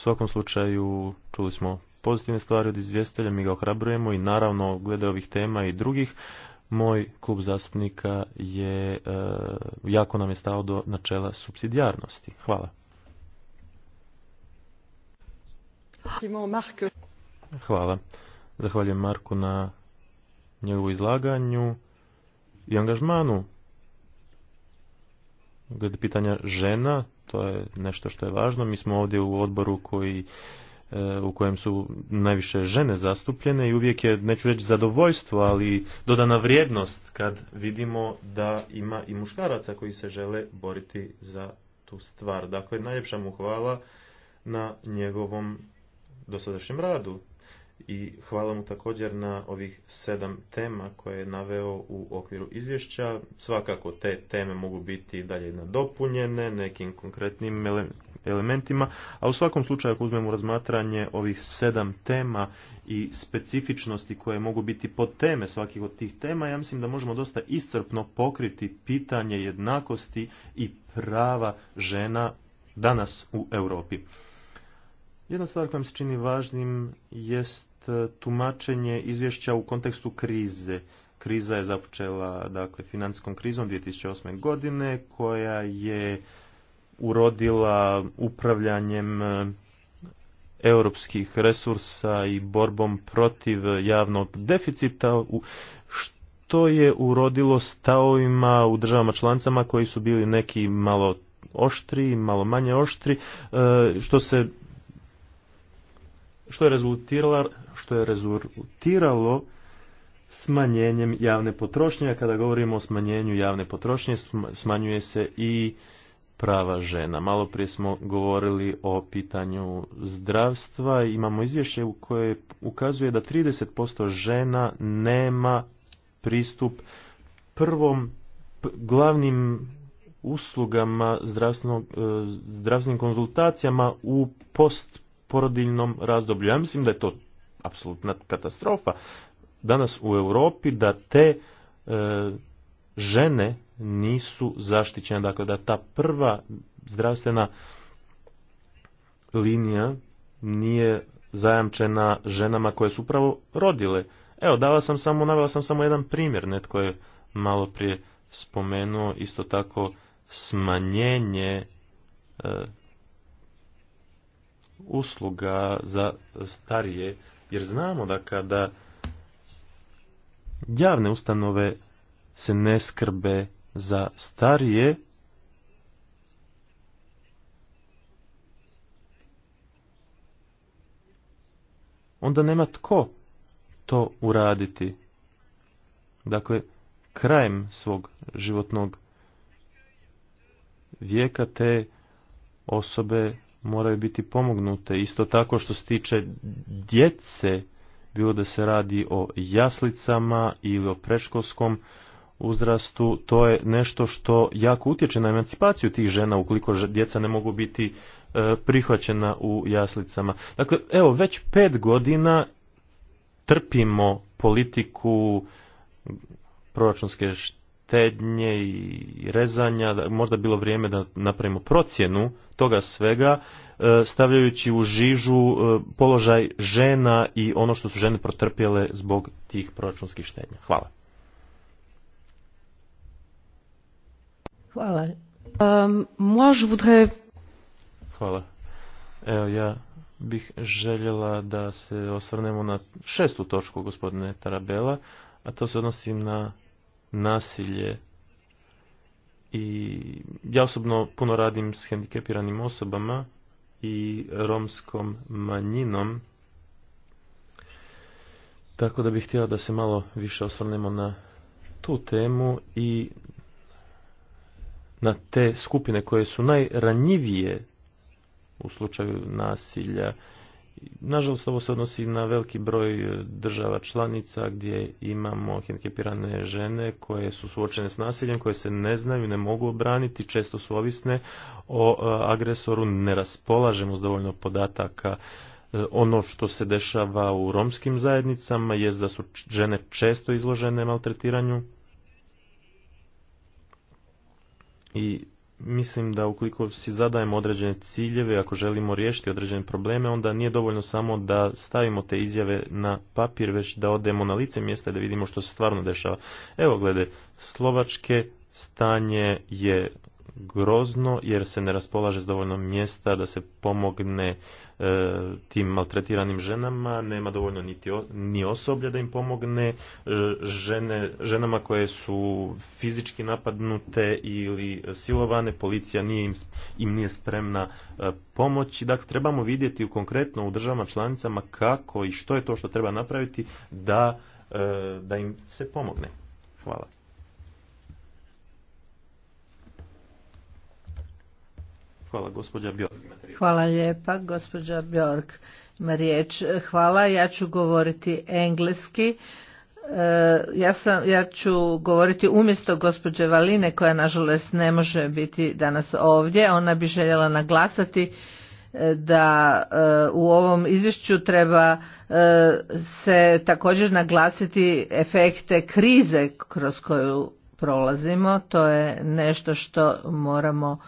U svakom slučaju čuli smo pozitivne stvari od izvjestelja, mi ga ohrabrujemo i naravno glede ovih tema i drugih. Moj klub zastupnika je, e, jako nam je stao do načela subsidijarnosti. Hvala. Hvala. Zahvaljujem Marku na njegovu izlaganju i angažmanu glede pitanja žena to je nešto što je važno. Mi smo ovdje u odboru koji e, u kojem su najviše žene zastupljene i uvijek je, neću reći zadovoljstvo, ali dodana vrijednost kad vidimo da ima i muškaraca koji se žele boriti za tu stvar. Dakle, najljepša mu hvala na njegovom dosadašnjem radu i hvala mu također na ovih sedam tema koje je naveo u okviru izvješća. Svakako te teme mogu biti dalje nadopunjene nekim konkretnim elementima, a u svakom slučaju ako uzmemo razmatranje ovih sedam tema i specifičnosti koje mogu biti pod teme svakih od tih tema, ja mislim da možemo dosta iscrpno pokriti pitanje jednakosti i prava žena danas u Europi. Jedna stvar koja mi se čini važnim jest E, tumačenje izvješća u kontekstu krize. Kriza je započela dakle, financijskom krizom 2008. godine koja je urodila upravljanjem e, europskih resursa i borbom protiv javnog deficita što je urodilo stavovima u državama člancama koji su bili neki malo oštri, malo manje oštri, e, što se što je rezultiralo, što je rezultiralo smanjenjem javne potrošnje, a kada govorimo o smanjenju javne potrošnje, smanjuje se i prava žena. Malo prije smo govorili o pitanju zdravstva. Imamo izvješće u koje ukazuje da 30% žena nema pristup prvom glavnim uslugama, e, zdravstvenim konzultacijama u post porodiljnom razdoblju. Ja mislim da je to apsolutna katastrofa danas u Europi da te e, žene nisu zaštićene. Dakle, da ta prva zdravstvena linija nije zajamčena ženama koje su upravo rodile. Evo, dala sam samo, navela sam samo jedan primjer, netko je malo prije spomenuo isto tako smanjenje e, usluga za starije, jer znamo da kada javne ustanove se ne skrbe za starije, onda nema tko to uraditi. Dakle, krajem svog životnog vijeka te osobe moraju biti pomognute. Isto tako što se tiče djece, bilo da se radi o jaslicama ili o preškolskom uzrastu, to je nešto što jako utječe na emancipaciju tih žena ukoliko djeca ne mogu biti e, prihvaćena u jaslicama. Dakle, evo, već pet godina trpimo politiku proračunske štednje i rezanja, možda bilo vrijeme da napravimo procjenu toga svega, e, stavljajući u žižu e, položaj žena i ono što su žene protrpjele zbog tih proračunskih štednja. Hvala. Hvala. Um, moi je voudrais... Hvala. Evo ja bih željela da se osvrnemo na šestu točku gospodine Tarabela, a to se odnosi na nasilje i ja osobno puno radim s hendikepiranim osobama i romskom manjinom tako da bih htjela da se malo više osvrnemo na tu temu i na te skupine koje su najranjivije u slučaju nasilja Nažalost, ovo se odnosi na veliki broj e, država članica gdje imamo hendikepirane žene koje su suočene s nasiljem, koje se ne znaju, ne mogu obraniti, često su ovisne o e, agresoru, ne raspolažemo s dovoljno podataka. E, ono što se dešava u romskim zajednicama je da su žene često izložene maltretiranju i mislim da ukoliko si zadajemo određene ciljeve, ako želimo riješiti određene probleme, onda nije dovoljno samo da stavimo te izjave na papir, već da odemo na lice mjesta i da vidimo što se stvarno dešava. Evo glede, Slovačke stanje je grozno jer se ne raspolaže s dovoljno mjesta da se pomogne e, tim maltretiranim ženama, nema dovoljno niti ni osoblja da im pomogne e, žene, ženama koje su fizički napadnute ili silovane, policija nije im, nije spremna e, pomoći. Dakle, trebamo vidjeti konkretno u državama članicama kako i što je to što treba napraviti da, da im se pomogne. Hvala. Hvala gospođa Hvala lijepa gospođa Bjork. Ima riječ. Hvala, ja ću govoriti engleski. E, ja, sam, ja ću govoriti umjesto gospođe Valine koja nažalost ne može biti danas ovdje. Ona bi željela naglasati e, da e, u ovom izvješću treba se također naglasiti efekte krize kroz koju prolazimo. To je nešto što moramo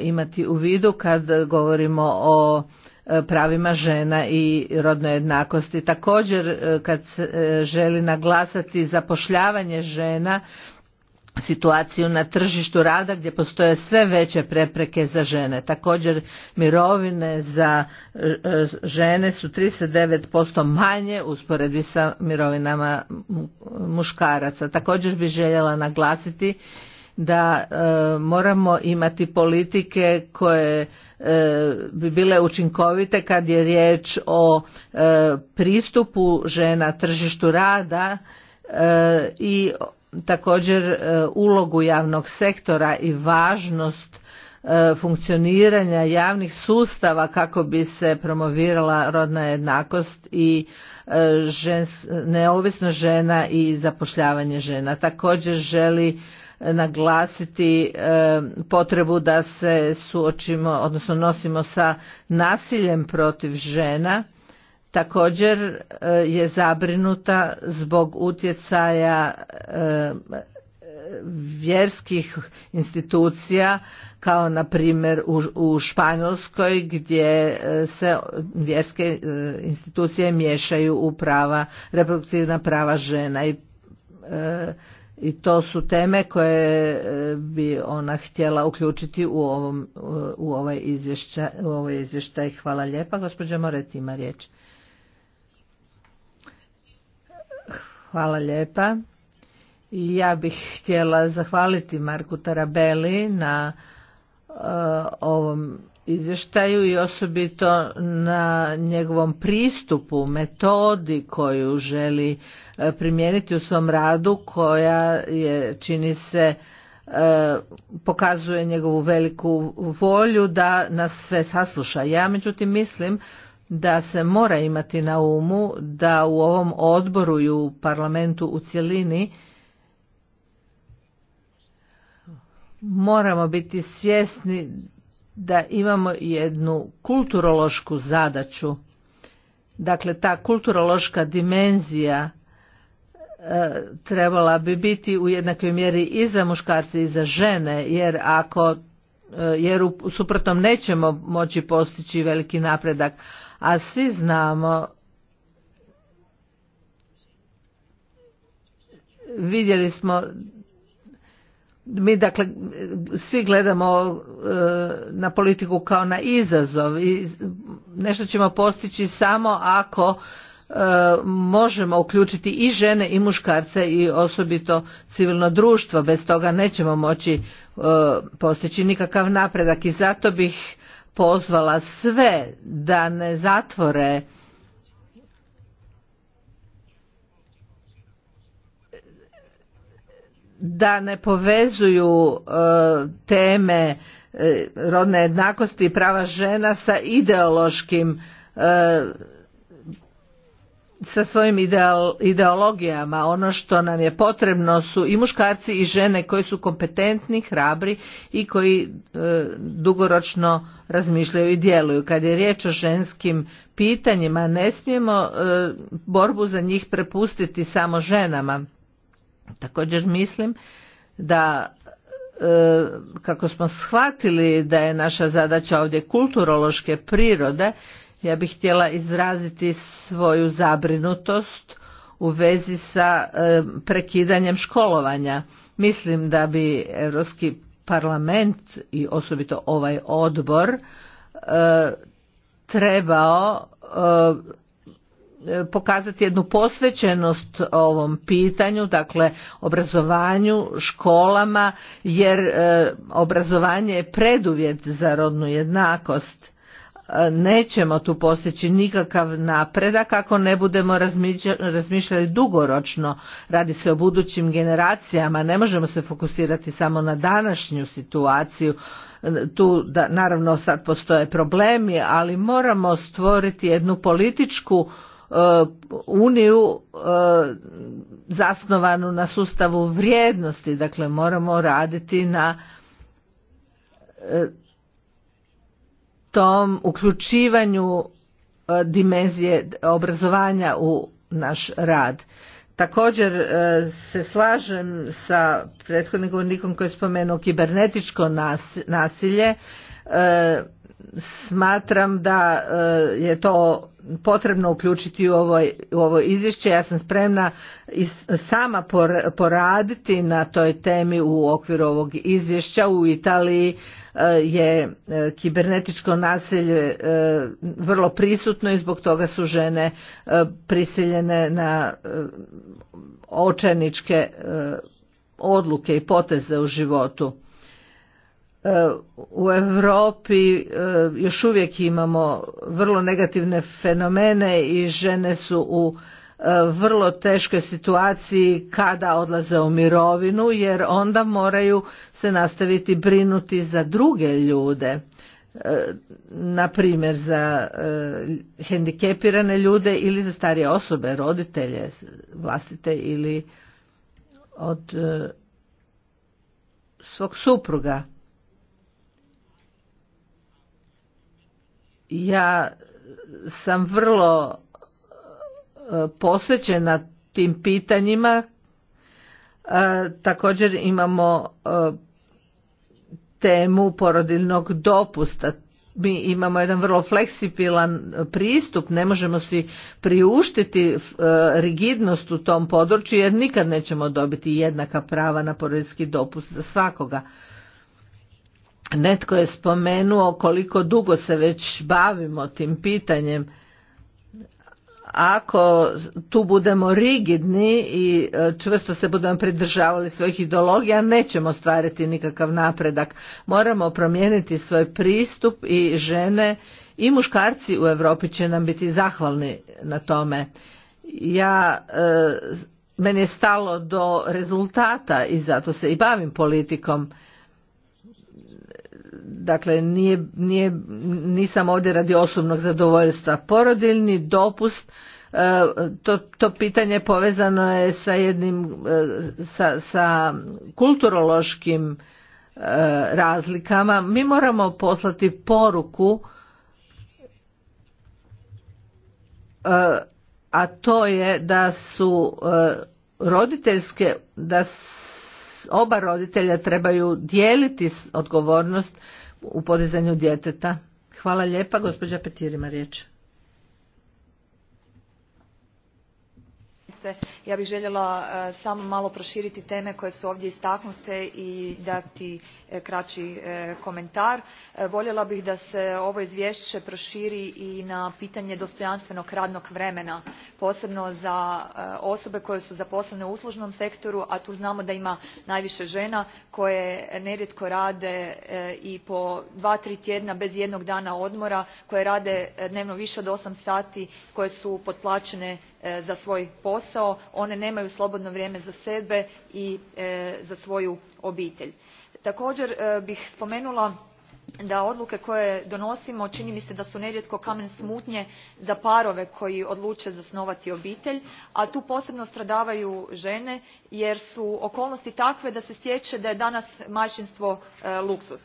imati u vidu kad govorimo o e, pravima žena i rodnoj jednakosti. Također e, kad se e, želi naglasati zapošljavanje žena situaciju na tržištu rada gdje postoje sve veće prepreke za žene. Također mirovine za žene su 39% manje usporedbi sa mirovinama muškaraca. Također bih željela naglasiti da e, moramo imati politike koje e, bi bile učinkovite kad je riječ o e, pristupu žena tržištu rada i također ulogu javnog sektora i važnost funkcioniranja javnih sustava kako bi se promovirala rodna jednakost i žens, neovisno žena i zapošljavanje žena. Također želi naglasiti e, potrebu da se suočimo, odnosno nosimo sa nasiljem protiv žena. Također e, je zabrinuta zbog utjecaja e, vjerskih institucija kao na primjer u Španjolskoj gdje se vjerske institucije miješaju u prava reproduktivna prava žena i i to su teme koje e, bi ona htjela uključiti u, ovom, u, ovaj, izvješća, ovaj izvještaj. Hvala lijepa. Gospođa Moret ima riječ. Hvala lijepa. Ja bih htjela zahvaliti Marku Tarabeli na e, ovom izvještaju i osobito na njegovom pristupu, metodi koju želi e, primijeniti u svom radu koja je čini se e, pokazuje njegovu veliku volju da nas sve sasluša. Ja međutim mislim da se mora imati na umu da u ovom odboru i u parlamentu u cjelini moramo biti svjesni da imamo jednu kulturološku zadaću. Dakle, ta kulturološka dimenzija e, trebala bi biti u jednakoj mjeri i za muškarce i za žene, jer ako e, jer u suprotnom nećemo moći postići veliki napredak, a svi znamo vidjeli smo mi dakle svi gledamo e, na politiku kao na izazov i nešto ćemo postići samo ako e, možemo uključiti i žene i muškarce i osobito civilno društvo bez toga nećemo moći e, postići nikakav napredak i zato bih pozvala sve da ne zatvore da ne povezuju e, teme e, rodne jednakosti i prava žena sa ideološkim e, sa svojim ideologijama ono što nam je potrebno su i muškarci i žene koji su kompetentni, hrabri i koji dugoročno razmišljaju i djeluju. Kad je riječ o ženskim pitanjima ne smijemo borbu za njih prepustiti samo ženama Također mislim da e, kako smo shvatili da je naša zadaća ovdje kulturološke prirode, ja bih htjela izraziti svoju zabrinutost u vezi sa e, prekidanjem školovanja. Mislim da bi Europski parlament i osobito ovaj odbor e, trebao pokazati jednu posvećenost ovom pitanju, dakle obrazovanju, školama, jer e, obrazovanje je preduvjet za rodnu jednakost. E, nećemo tu postići nikakav napredak ako ne budemo razmišljali dugoročno. Radi se o budućim generacijama, ne možemo se fokusirati samo na današnju situaciju e, tu da naravno sad postoje problemi, ali moramo stvoriti jednu političku E, uniju e, zasnovanu na sustavu vrijednosti dakle moramo raditi na e, tom uključivanju dimenzije obrazovanja u naš rad Također se slažem sa prethodnim govornikom koji je spomenuo kibernetičko nasilje smatram da e, je to potrebno uključiti u ovo, u ovo izvješće. Ja sam spremna i sama poraditi na toj temi u okviru ovog izvješća. U Italiji e, je e, kibernetičko nasilje vrlo prisutno i zbog toga su žene prisiljene na očajničke odluke i poteze u životu. E, u Europi e, još uvijek imamo vrlo negativne fenomene i žene su u e, vrlo teškoj situaciji kada odlaze u mirovinu jer onda moraju se nastaviti brinuti za druge ljude na primjer za hendikepirane ljude ili za starije osobe, roditelje vlastite ili od svog supruga. Ja sam vrlo e, posvećena tim pitanjima. E, također imamo e, temu porodilnog dopusta. Mi imamo jedan vrlo fleksibilan pristup, ne možemo si priuštiti rigidnost u tom području jer nikad nećemo dobiti jednaka prava na porodiljski dopust za svakoga. Netko je spomenuo koliko dugo se već bavimo tim pitanjem. Ako tu budemo rigidni i e, čvrsto se budemo pridržavali svojih ideologija, nećemo stvariti nikakav napredak. Moramo promijeniti svoj pristup i žene i muškarci u Europi će nam biti zahvalni na tome. Ja e, meni je stalo do rezultata i zato se i bavim politikom dakle nije, nije, nisam ovdje radi osobnog zadovoljstva. porodilni dopust, e, to, to pitanje povezano je sa jednim, e, sa, sa kulturološkim e, razlikama. Mi moramo poslati poruku a to je da su roditeljske, da oba roditelja trebaju dijeliti odgovornost u podizanju djeteta. Hvala lijepa, gospođa Petirima riječ. ja bih željela e, samo malo proširiti teme koje su ovdje istaknute i dati E, kraći e, komentar. E, voljela bih da se ovo izvješće proširi i na pitanje dostojanstvenog radnog vremena, posebno za osobe koje su zaposlene u uslužnom sektoru, a tu znamo da ima najviše žena koje nerijetko rade i po dva, tri tjedna bez jednog dana odmora, koje rade dnevno više od osam sati, koje su potplaćene za svoj posao, one nemaju slobodno vrijeme za sebe i za svoju obitelj također e, bih spomenula da odluke koje donosimo čini mi se da su nerijetko kamen smutnje za parove koji odluče zasnovati obitelj a tu posebno stradavaju žene jer su okolnosti takve da se stječe da je danas majčinstvo e, luksuz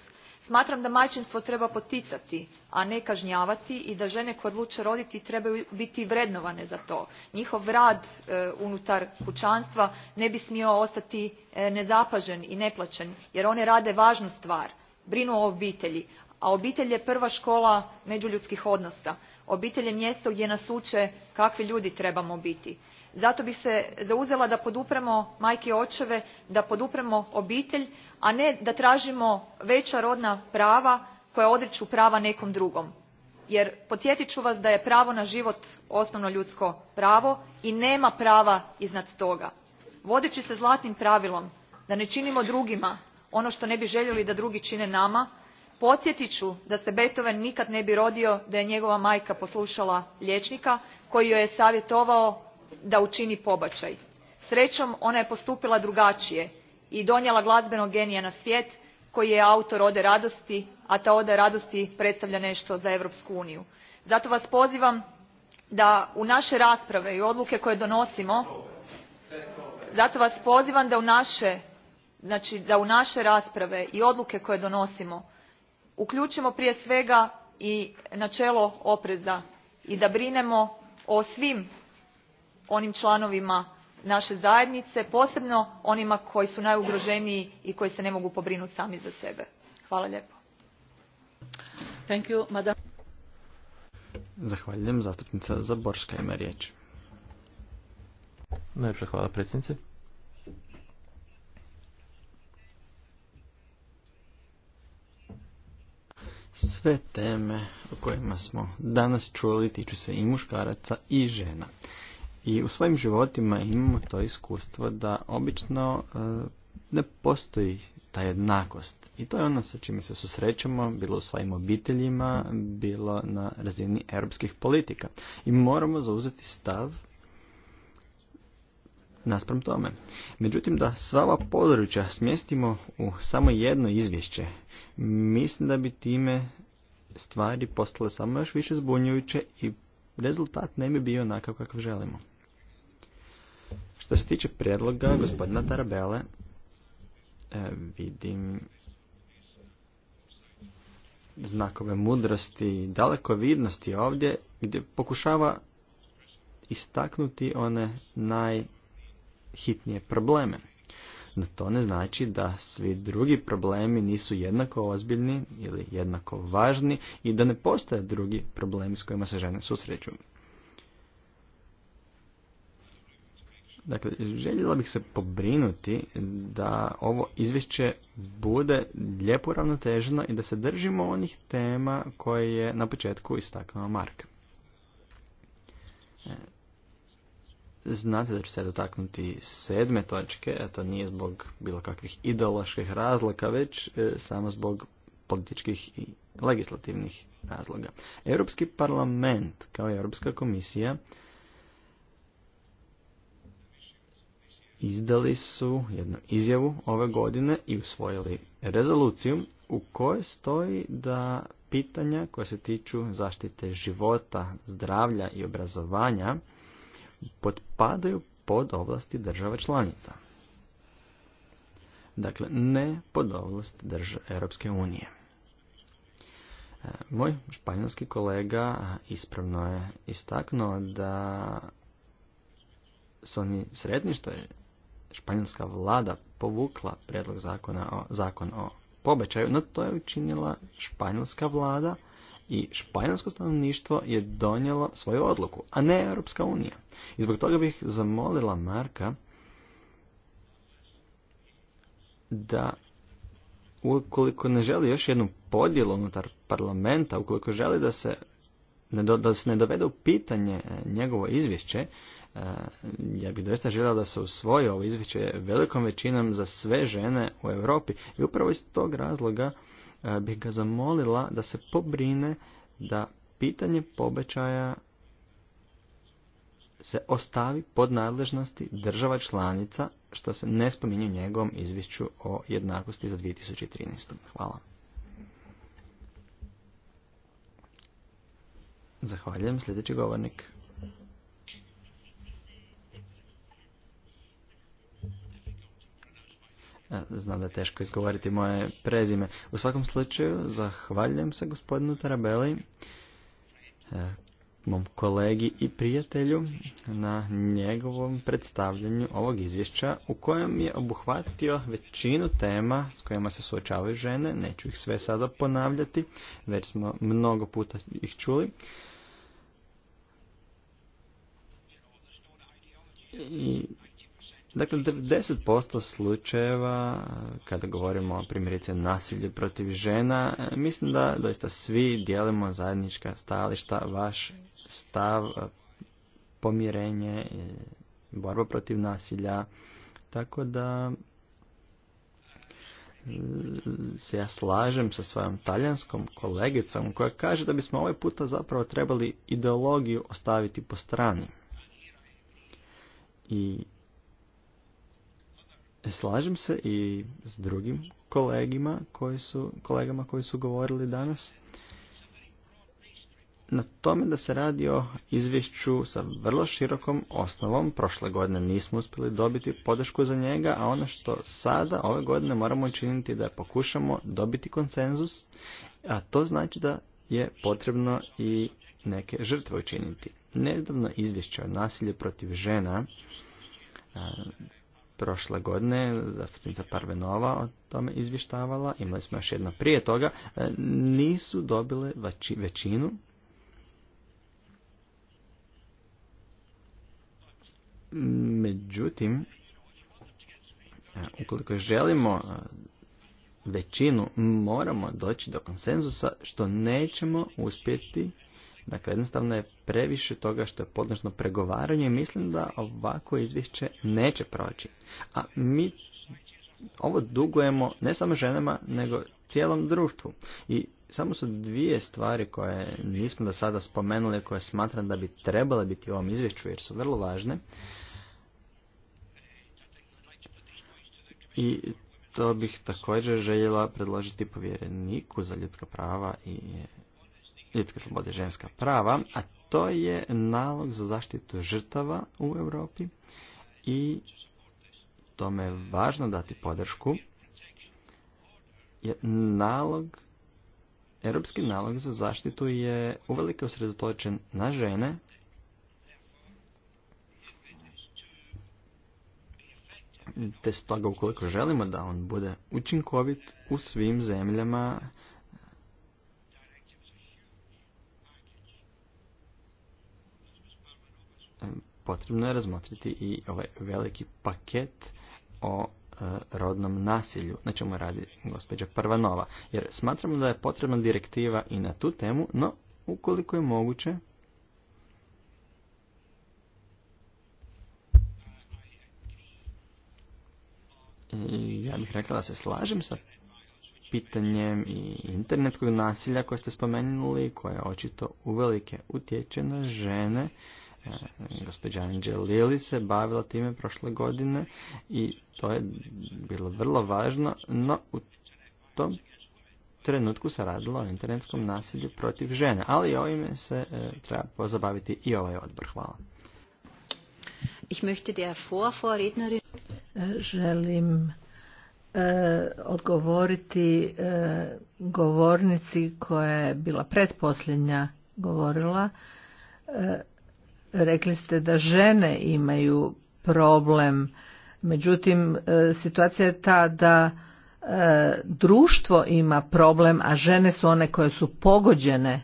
smatram da majčinstvo treba poticati a ne kažnjavati i da žene koje odluče roditi trebaju biti vrednovane za to. njihov rad e, unutar kućanstva ne bi smio ostati e, nezapažen i neplaćen jer one rade važnu stvar brinu o obitelji a obitelj je prva škola međuljudskih odnosa. obitelj je mjesto gdje nas uče kakvi ljudi trebamo biti zato bi se zauzela da podupremo majke i očeve da podupremo obitelj a ne da tražimo veća rodna prava koja odriču prava nekom drugom jer podsjetit ću vas da je pravo na život osnovno ljudsko pravo i nema prava iznad toga. vodeći se zlatnim pravilom da ne činimo drugima ono što ne bi željeli da drugi čine nama podsjetit ću da se beethoven nikad ne bi rodio da je njegova majka poslušala liječnika koji joj je savjetovao da učini pobačaj. Srećom ona je postupila drugačije i donijela glazbenog genija na svijet koji je autor Ode radosti, a ta Oda radosti predstavlja nešto za Europsku uniju. Zato vas pozivam da u naše rasprave i odluke koje donosimo, zato vas pozivam da u naše, znači da u naše rasprave i odluke koje donosimo uključimo prije svega i načelo opreza i da brinemo o svim onim članovima naše zajednice posebno onima koji su najugroženiji i koji se ne mogu pobrinuti sami za sebe. Hvala lijepo. Thank you, Zahvaljujem. Zastupnica Zaborska i riječ. Najljepša hvala predsjednice. Sve teme o kojima smo danas čuli tiču se i muškaraca i žena. I u svojim životima imamo to iskustvo da obično e, ne postoji ta jednakost. I to je ono sa čime se susrećemo, bilo u svojim obiteljima, bilo na razini europskih politika. I moramo zauzeti stav naspram tome. Međutim, da sva ova područja smjestimo u samo jedno izvješće, mislim da bi time stvari postale samo još više zbunjujuće i rezultat ne bi bio onakav kakav želimo. Što se tiče prijedloga gospodina Tarabele, e, vidim znakove mudrosti i dalekovidnosti ovdje gdje pokušava istaknuti one najhitnije probleme. No to ne znači da svi drugi problemi nisu jednako ozbiljni ili jednako važni i da ne postoje drugi problemi s kojima se žene susreću. Dakle, željela bih se pobrinuti da ovo izvješće bude lijepo ravnoteženo i da se držimo onih tema koje je na početku istaknuo Mark. E, znate da ću se dotaknuti sedme točke, a to nije zbog bilo kakvih ideoloških razloga, već e, samo zbog političkih i legislativnih razloga. Europski parlament, kao i Europska komisija, izdali su jednu izjavu ove godine i usvojili rezoluciju u kojoj stoji da pitanja koja se tiču zaštite života, zdravlja i obrazovanja podpadaju pod ovlasti država članica. Dakle, ne pod ovlasti države Europske unije. E, moj španjolski kolega ispravno je istaknuo da su oni sretni što je španjolska vlada povukla predlog zakona o, zakon o pobećaju, no to je učinila španjolska vlada i španjolsko stanovništvo je donijelo svoju odluku, a ne Europska unija. I zbog toga bih zamolila Marka da ukoliko ne želi još jednu podjelu unutar parlamenta, ukoliko želi da se, da se ne dovede u pitanje njegovo izvješće, Eh, ja bih doista želio da se usvoji ovo izvješće velikom većinom za sve žene u Europi i upravo iz tog razloga eh, bih ga zamolila da se pobrine da pitanje pobećaja se ostavi pod nadležnosti država članica što se ne spominje u njegovom izvješću o jednakosti za 2013. Hvala. Zahvaljujem. Sljedeći govornik. Znam da je teško izgovoriti moje prezime. U svakom slučaju, zahvaljujem se gospodinu Tarabeli, e, mom kolegi i prijatelju na njegovom predstavljanju ovog izvješća u kojem je obuhvatio većinu tema s kojima se suočavaju žene. Neću ih sve sada ponavljati, već smo mnogo puta ih čuli. I Dakle, posto slučajeva, kada govorimo o primjerice nasilje protiv žena, e, mislim da doista svi dijelimo zajednička stajališta, vaš stav, e, pomirenje, e, borba protiv nasilja, tako da se ja slažem sa svojom talijanskom kolegicom koja kaže da bismo ovaj puta zapravo trebali ideologiju ostaviti po strani. I Slažem se i s drugim kolegima koji su, kolegama koji su govorili danas na tome da se radi o izvješću sa vrlo širokom osnovom. Prošle godine nismo uspjeli dobiti podršku za njega, a ono što sada ove godine moramo učiniti da pokušamo dobiti konsenzus, a to znači da je potrebno i neke žrtve učiniti. Nedavno izvješće o nasilju protiv žena prošle godine zastupnica Parvenova o tome izvještavala, imali smo još jedno prije toga, e, nisu dobile većinu Međutim, e, ukoliko želimo e, većinu, moramo doći do konsenzusa što nećemo uspjeti Dakle, jednostavno je previše toga što je podnošno pregovaranje i mislim da ovako izvješće neće proći. A mi ovo dugujemo ne samo ženama, nego cijelom društvu. I samo su dvije stvari koje nismo do sada spomenuli, koje smatram da bi trebale biti u ovom izvješću, jer su vrlo važne. I to bih također željela predložiti povjereniku za ljudska prava i ljudske slobode ženska prava, a to je nalog za zaštitu žrtava u Europi i tome je važno dati podršku jer nalog Europski nalog za zaštitu je uvelike usredotočen na žene te stoga ukoliko želimo da on bude učinkovit u svim zemljama potrebno je razmotriti i ovaj veliki paket o e, rodnom nasilju, na čemu radi gospođa nova Jer smatramo da je potrebna direktiva i na tu temu, no ukoliko je moguće, e, ja bih rekla da se slažem sa pitanjem i internetskog nasilja koje ste spomenuli, koje očito uvelike utječe na žene Gospođa Anđelili se bavila time prošle godine i to je bilo vrlo važno, no u tom trenutku se radilo o internetskom nasilju protiv žene, ali ovime se e, treba pozabaviti i ovaj odbor. Hvala. Ich möchte der e, Želim e, odgovoriti govornici koja je bila predposljednja govorila. E, rekli ste da žene imaju problem međutim e, situacija je ta da e, društvo ima problem a žene su one koje su pogođene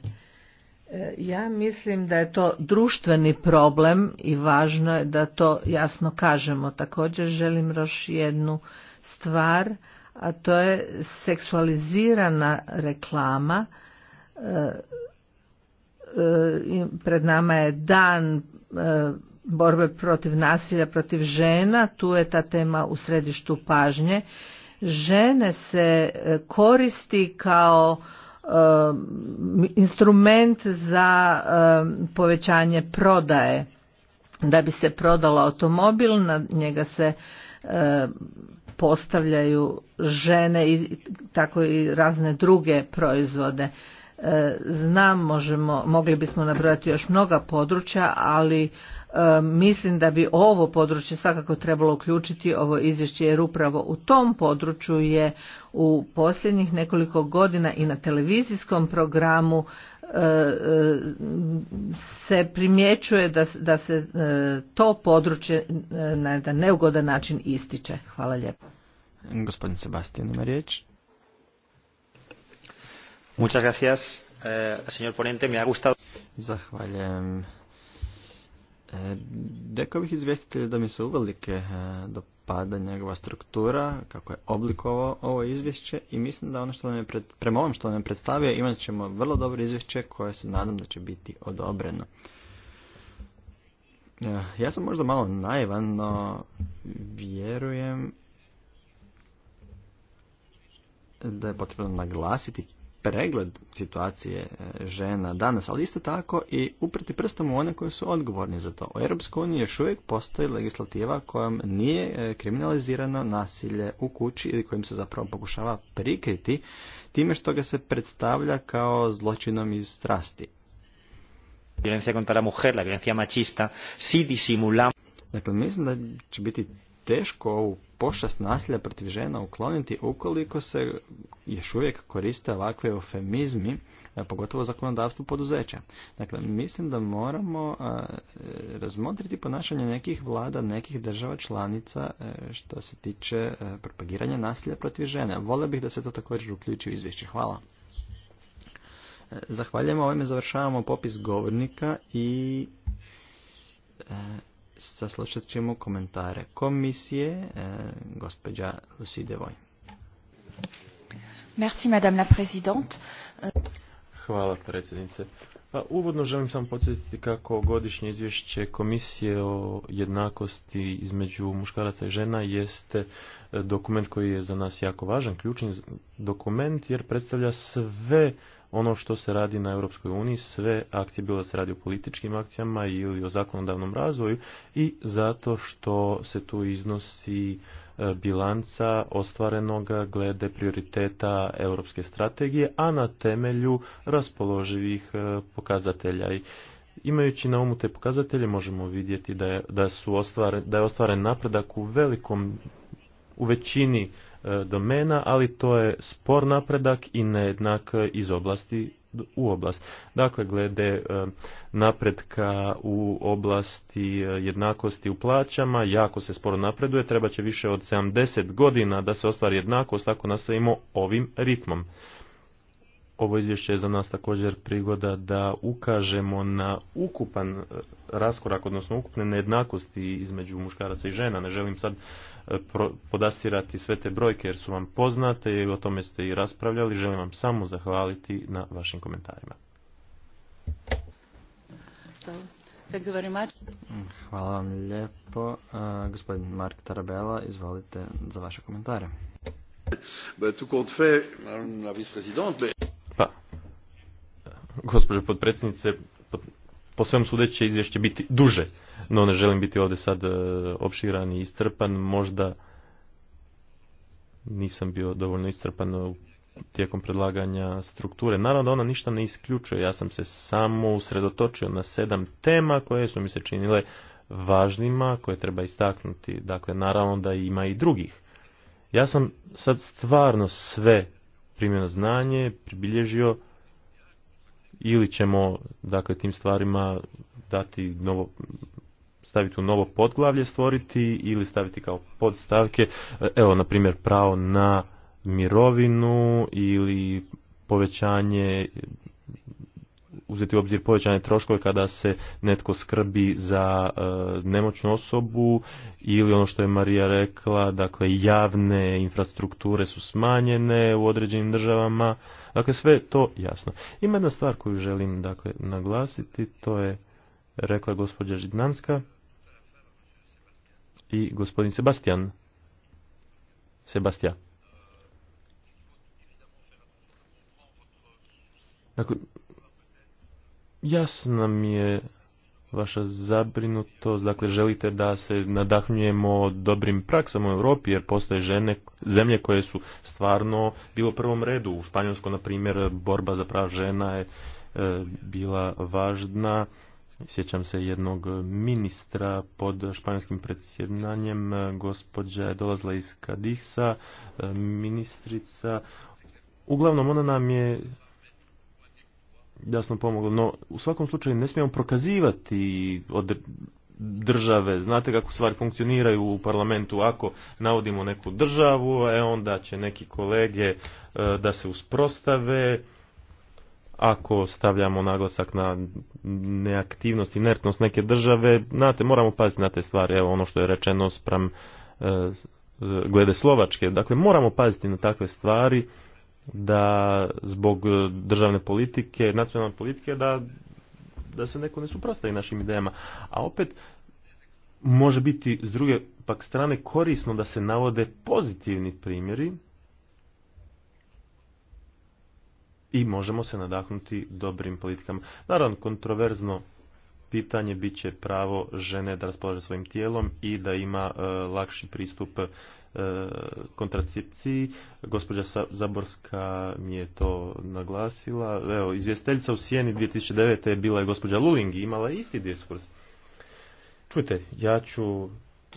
e, ja mislim da je to društveni problem i važno je da to jasno kažemo također želim još jednu stvar a to je seksualizirana reklama pred nama je dan e, borbe protiv nasilja protiv žena, tu je ta tema u središtu pažnje. Žene se e, koristi kao e, instrument za povećanje prodaje. Da bi se prodala automobil, na njega se postavljaju žene i tako i razne druge proizvode. E, znam možemo mogli bismo nabrojati još mnoga područja ali e, mislim da bi ovo područje svakako trebalo uključiti ovo izvješće jer upravo u tom području je u posljednjih nekoliko godina i na televizijskom programu e, se primjećuje da, da se to područje na jedan neugodan način ističe. Hvala lijepo. Gospodin Sebastian ima riječ. Muchas gracias, eh, señor ponente. Me ha gustado... Zahvaljujem. Eh, rekao bih izvjestitelju da mi se uvelike eh, dopada njegova struktura, kako je oblikovao ovo izvješće i mislim da ono što nam je pred, prema ovom što nam je predstavio imat ćemo vrlo dobro izvješće koje se nadam da će biti odobreno. Ja sam možda malo naivan, no vjerujem da je potrebno naglasiti pregled situacije e, žena danas, ali isto tako i upriti prstom u one koji su odgovorni za to. U EU još uvijek postoji legislativa kojom nije e, kriminalizirano nasilje u kući ili kojim se zapravo pokušava prikriti time što ga se predstavlja kao zločinom iz strasti. Violencia contra la mujer, la machista, si Dakle, mislim da će biti teško ovu pošast nasilja protiv žena ukloniti ukoliko se još uvijek koriste ovakve eufemizmi, e, pogotovo zakonodavstvu poduzeća. Dakle, mislim da moramo e, razmotriti ponašanje nekih vlada, nekih država članica e, što se tiče propagiranja nasilja protiv žene. Vole bih da se to također uključi u izvješće. Hvala. Zahvaljujemo, ovime završavamo popis govornika i saslušat ćemo komentare komisije e, gospođa Lucy Merci madame la présidente. Hvala predsjednice. Pa, uvodno želim samo podsjetiti kako godišnje izvješće komisije o jednakosti između muškaraca i žena jeste dokument koji je za nas jako važan, ključni dokument jer predstavlja sve ono što se radi na Europskoj uniji, sve akcije, bilo da se radi o političkim akcijama ili o zakonodavnom razvoju i zato što se tu iznosi e, bilanca ostvarenoga glede prioriteta europske strategije, a na temelju raspoloživih e, pokazatelja. I Imajući na umu te pokazatelje možemo vidjeti da da su ostvaren, da je ostvaren napredak u velikom u većini E, domena, ali to je spor napredak i nejednak iz oblasti u oblast. Dakle, glede e, napretka u oblasti e, jednakosti u plaćama, jako se sporo napreduje, treba će više od 70 godina da se ostvari jednakost ako nastavimo ovim ritmom. Ovo izvješće je za nas također prigoda da ukažemo na ukupan raskorak, odnosno ukupne nejednakosti između muškaraca i žena. Ne želim sad E, podastirati sve te brojke jer su vam poznate i o tome ste i raspravljali. Želim vam samo zahvaliti na vašim komentarima. Hvala vam lijepo. E, gospodin Mark Tarabela, izvolite za vaše komentare. Pa, gospođo potpredsjednice, po svemu sudeće izvješće biti duže, no ne želim biti ovdje sad e, opširan i istrpan, možda nisam bio dovoljno istrpan tijekom predlaganja strukture. Naravno da ona ništa ne isključuje, ja sam se samo usredotočio na sedam tema koje su mi se činile važnima, koje treba istaknuti. Dakle, naravno da ima i drugih. Ja sam sad stvarno sve primjeno znanje, pribilježio ili ćemo dakle tim stvarima dati novo staviti u novo podglavlje stvoriti ili staviti kao podstavke e, evo na primjer pravo na mirovinu ili povećanje uzeti u obzir povećanje troškove kada se netko skrbi za e, nemoćnu osobu ili ono što je Marija rekla, dakle javne infrastrukture su smanjene u određenim državama Dakle, sve je to jasno. Ima jedna stvar koju želim dakle, naglasiti, to je rekla gospođa Židnanska i gospodin Sebastian. Sebastian. Dakle, jasna mi je vaša zabrinutost, dakle želite da se nadahnujemo dobrim praksama u Europi jer postoje žene, zemlje koje su stvarno bilo u prvom redu. U Španjolskoj, na primjer, borba za prav žena je e, bila važna. Sjećam se jednog ministra pod španjolskim predsjednanjem, e, gospođa je dolazila iz Kadisa, e, ministrica. Uglavnom, ona nam je jasno pomoglo. No, u svakom slučaju ne smijemo prokazivati od države. Znate kako stvari funkcioniraju u parlamentu. Ako navodimo neku državu, e onda će neki kolege e, da se usprostave. Ako stavljamo naglasak na neaktivnost, inertnost neke države, znate, moramo paziti na te stvari. Evo ono što je rečeno spram e, e, glede Slovačke. Dakle, moramo paziti na takve stvari da zbog e, državne politike, nacionalne politike, da, da se neko ne suprostavi našim idejama. A opet, može biti s druge pak strane korisno da se navode pozitivni primjeri i možemo se nadahnuti dobrim politikama. Naravno, kontroverzno pitanje bit će pravo žene da raspolaže svojim tijelom i da ima e, lakši pristup e, kontracepciji. Gospođa Zaborska mi je to naglasila. Evo, izvjestiteljica u Sijeni 2009. je bila je gospođa Luling i imala isti diskurs. Čujte, ja ću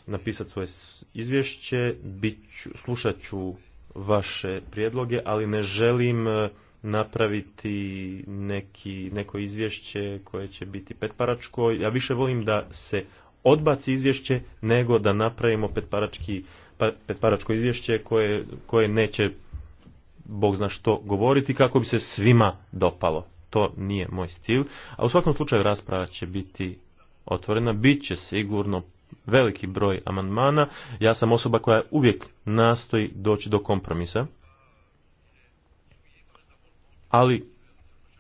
napisati svoje izvješće, bit ću, slušat ću vaše prijedloge, ali ne želim e, napraviti neki, neko izvješće koje će biti petparačko. Ja više volim da se odbaci izvješće nego da napravimo petparački, pa, petparačko izvješće koje, koje neće Bog zna što govoriti kako bi se svima dopalo. To nije moj stil. A u svakom slučaju rasprava će biti otvorena. Biće sigurno veliki broj amandmana. Ja sam osoba koja uvijek nastoji doći do kompromisa ali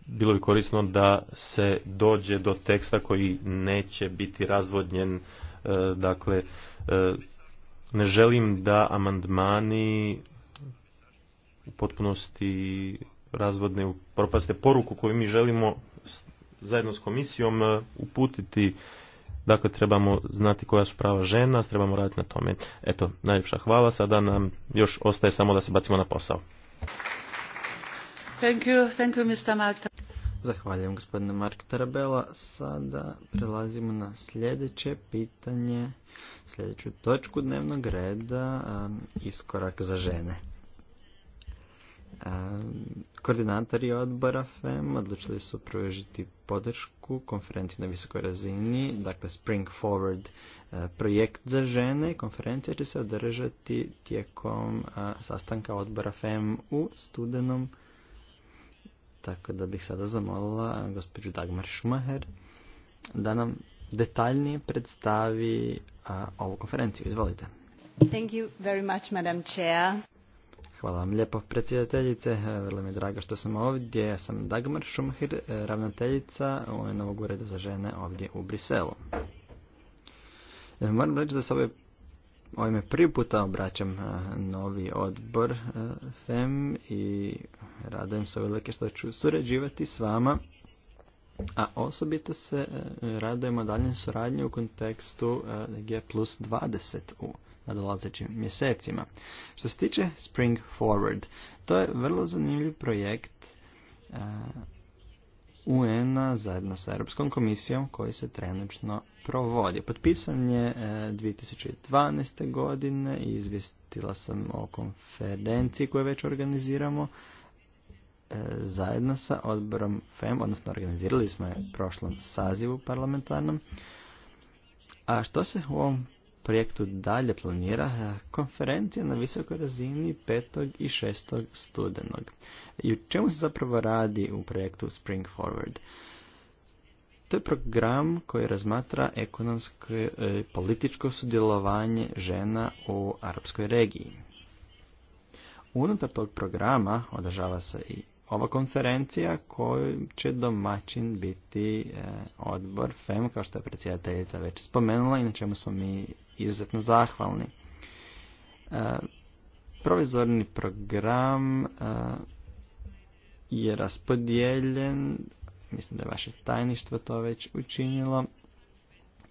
bilo bi korisno da se dođe do teksta koji neće biti razvodnjen, e, dakle e, ne želim da amandmani u potpunosti razvodne propaste poruku koju mi želimo zajedno s komisijom e, uputiti. Dakle, trebamo znati koja su prava žena, trebamo raditi na tome. Eto, najljepša hvala, sada nam još ostaje samo da se bacimo na posao. Thank you, Zahvaljujem gospodine Mark Tarabela. Sada prelazimo na sljedeće pitanje, sljedeću točku dnevnog reda, um, iskorak za žene. Um, koordinatori odbora FEM odlučili su pružiti podršku konferenciji na visokoj razini, dakle Spring Forward uh, projekt za žene. Konferencija će se održati tijekom uh, sastanka odbora FEM u studenom tako da bih sada zamolila gospođu Dagmar Schumacher, da nam detaljnije predstavi ovu konferenciju. Izvolite. Thank you very much, Madam Chair. Hvala vam lijepo predsjedateljice, vrlo mi je drago što sam ovdje. Ja sam Dagmar Šumahir, ravnateljica Novog ureda za žene ovdje u Briselu. Moram reći da se ovaj Ovime prvi puta obraćam e, novi odbor e, FEM i radujem se velike što ću surađivati s vama. A osobito se e, radujemo dalje suradnje u kontekstu G plus 20 u nadolazećim mjesecima. Što se tiče Spring Forward, to je vrlo zanimljiv projekt UN-a zajedno sa Europskom komisijom koji se trenutno provodi. Potpisan je 2012. E, godine i sam o konferenciji koju već organiziramo e, zajedno sa odborom FEM, odnosno organizirali smo je u prošlom sazivu parlamentarnom. A što se u ovom projektu dalje planira konferencija na visokoj razini 5. i 6. studenog. I u čemu se zapravo radi u projektu Spring Forward? To je program koji razmatra ekonomsko i e, političko sudjelovanje žena u arapskoj regiji. Unutar tog programa održava se i ova konferencija koju će domaćin biti e, odbor FEM, kao što je predsjedateljica već spomenula i na čemu smo mi izuzetno zahvalni. E, provizorni program e, je raspodijeljen, mislim da je vaše tajništvo to već učinilo,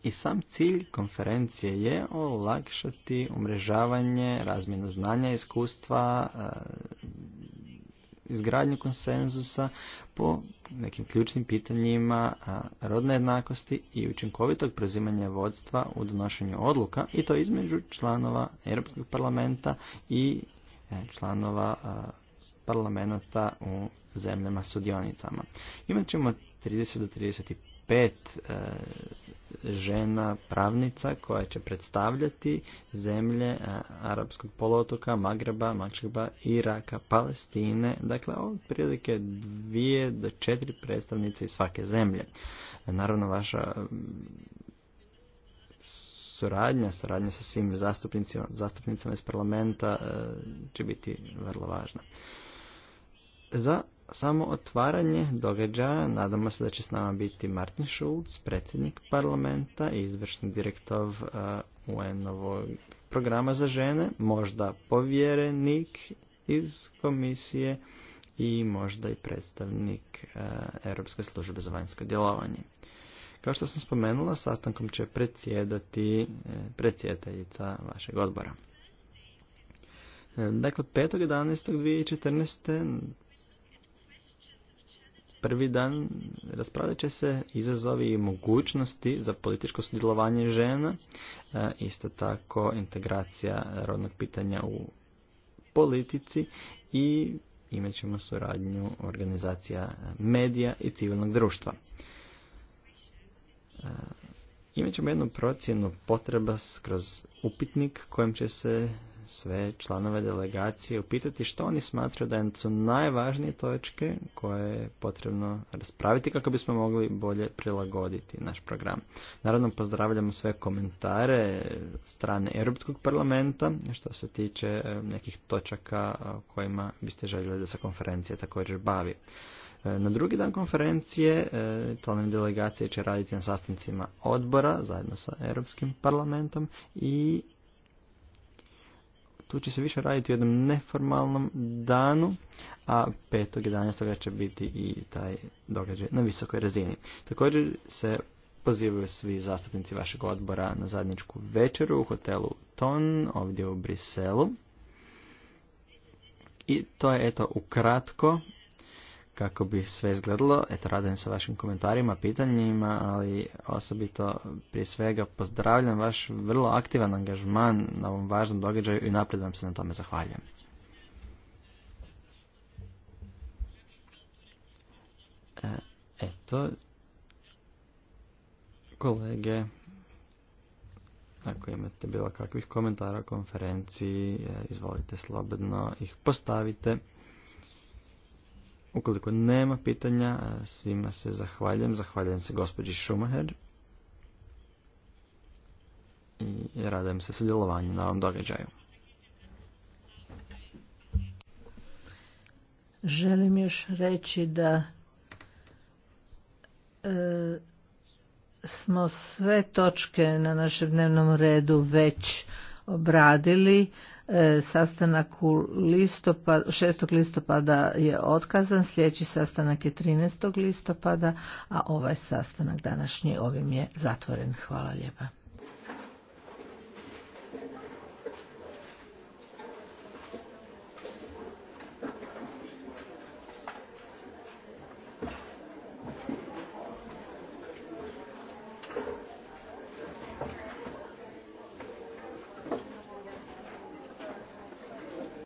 i sam cilj konferencije je olakšati umrežavanje, razmjenu znanja, iskustva, e, izgradnju konsenzusa po nekim ključnim pitanjima rodne jednakosti i učinkovitog preuzimanja vodstva u donošenju odluka i to između članova Europskog parlamenta i e, članova parlamenta u zemljama sudionicama. Imat ćemo 30 do 35 pet e, žena pravnica koja će predstavljati zemlje Arapskog polotoka, Magreba, Mačeba, Iraka, Palestine, dakle otprilike dvije do četiri predstavnice iz svake zemlje. Naravno vaša mm, suradnja, suradnja sa svim zastupnicima, zastupnicama iz parlamenta e, će biti vrlo važna. Za samo otvaranje događaja. Nadamo se da će s nama biti Martin Schulz, predsjednik parlamenta i izvršni direktor uh, UN-ovog programa za žene, možda povjerenik iz komisije i možda i predstavnik uh, Europske službe za vanjsko djelovanje. Kao što sam spomenula, sastankom će predsjedati uh, predsjedateljica vašeg odbora. Dakle, 5.11.2014 prvi dan raspravljat će se izazovi i mogućnosti za političko sudjelovanje žena, e, isto tako integracija rodnog pitanja u politici i imat ćemo suradnju organizacija medija i civilnog društva. E, imat ćemo jednu procjenu potreba kroz upitnik kojim će se sve članove delegacije upitati što oni smatraju da su najvažnije točke koje je potrebno raspraviti kako bismo mogli bolje prilagoditi naš program. Naravno pozdravljamo sve komentare strane Europskog parlamenta što se tiče e, nekih točaka e, kojima biste željeli da se konferencija također bavi. E, na drugi dan konferencije članovi delegacije će raditi na sastancima odbora zajedno sa Europskim parlamentom i tu će se više raditi u jednom neformalnom danu, a toga će biti i taj događaj na visokoj razini. Također se pozivaju svi zastupnici vašeg odbora na zadničku večeru u hotelu Ton ovdje u Briselu. I to je eto ukratko kako bi sve izgledalo. Eto, radim sa vašim komentarima, pitanjima, ali osobito prije svega pozdravljam vaš vrlo aktivan angažman na ovom važnom događaju i naprijed vam se na tome zahvaljujem. E, eto, kolege, ako imate bilo kakvih komentara o konferenciji, e, izvolite slobodno ih postavite. Ukoliko nema pitanja, e, svima se zahvaljujem. Zahvaljujem se gospođi Šumaher i radujem se sudjelovanju na ovom događaju. Želim još reći da e, smo sve točke na našem dnevnom redu već obradili. E, sastanak u listopad, 6. listopada je otkazan, sljedeći sastanak je 13. listopada, a ovaj sastanak današnji ovim je zatvoren. Hvala lijepa.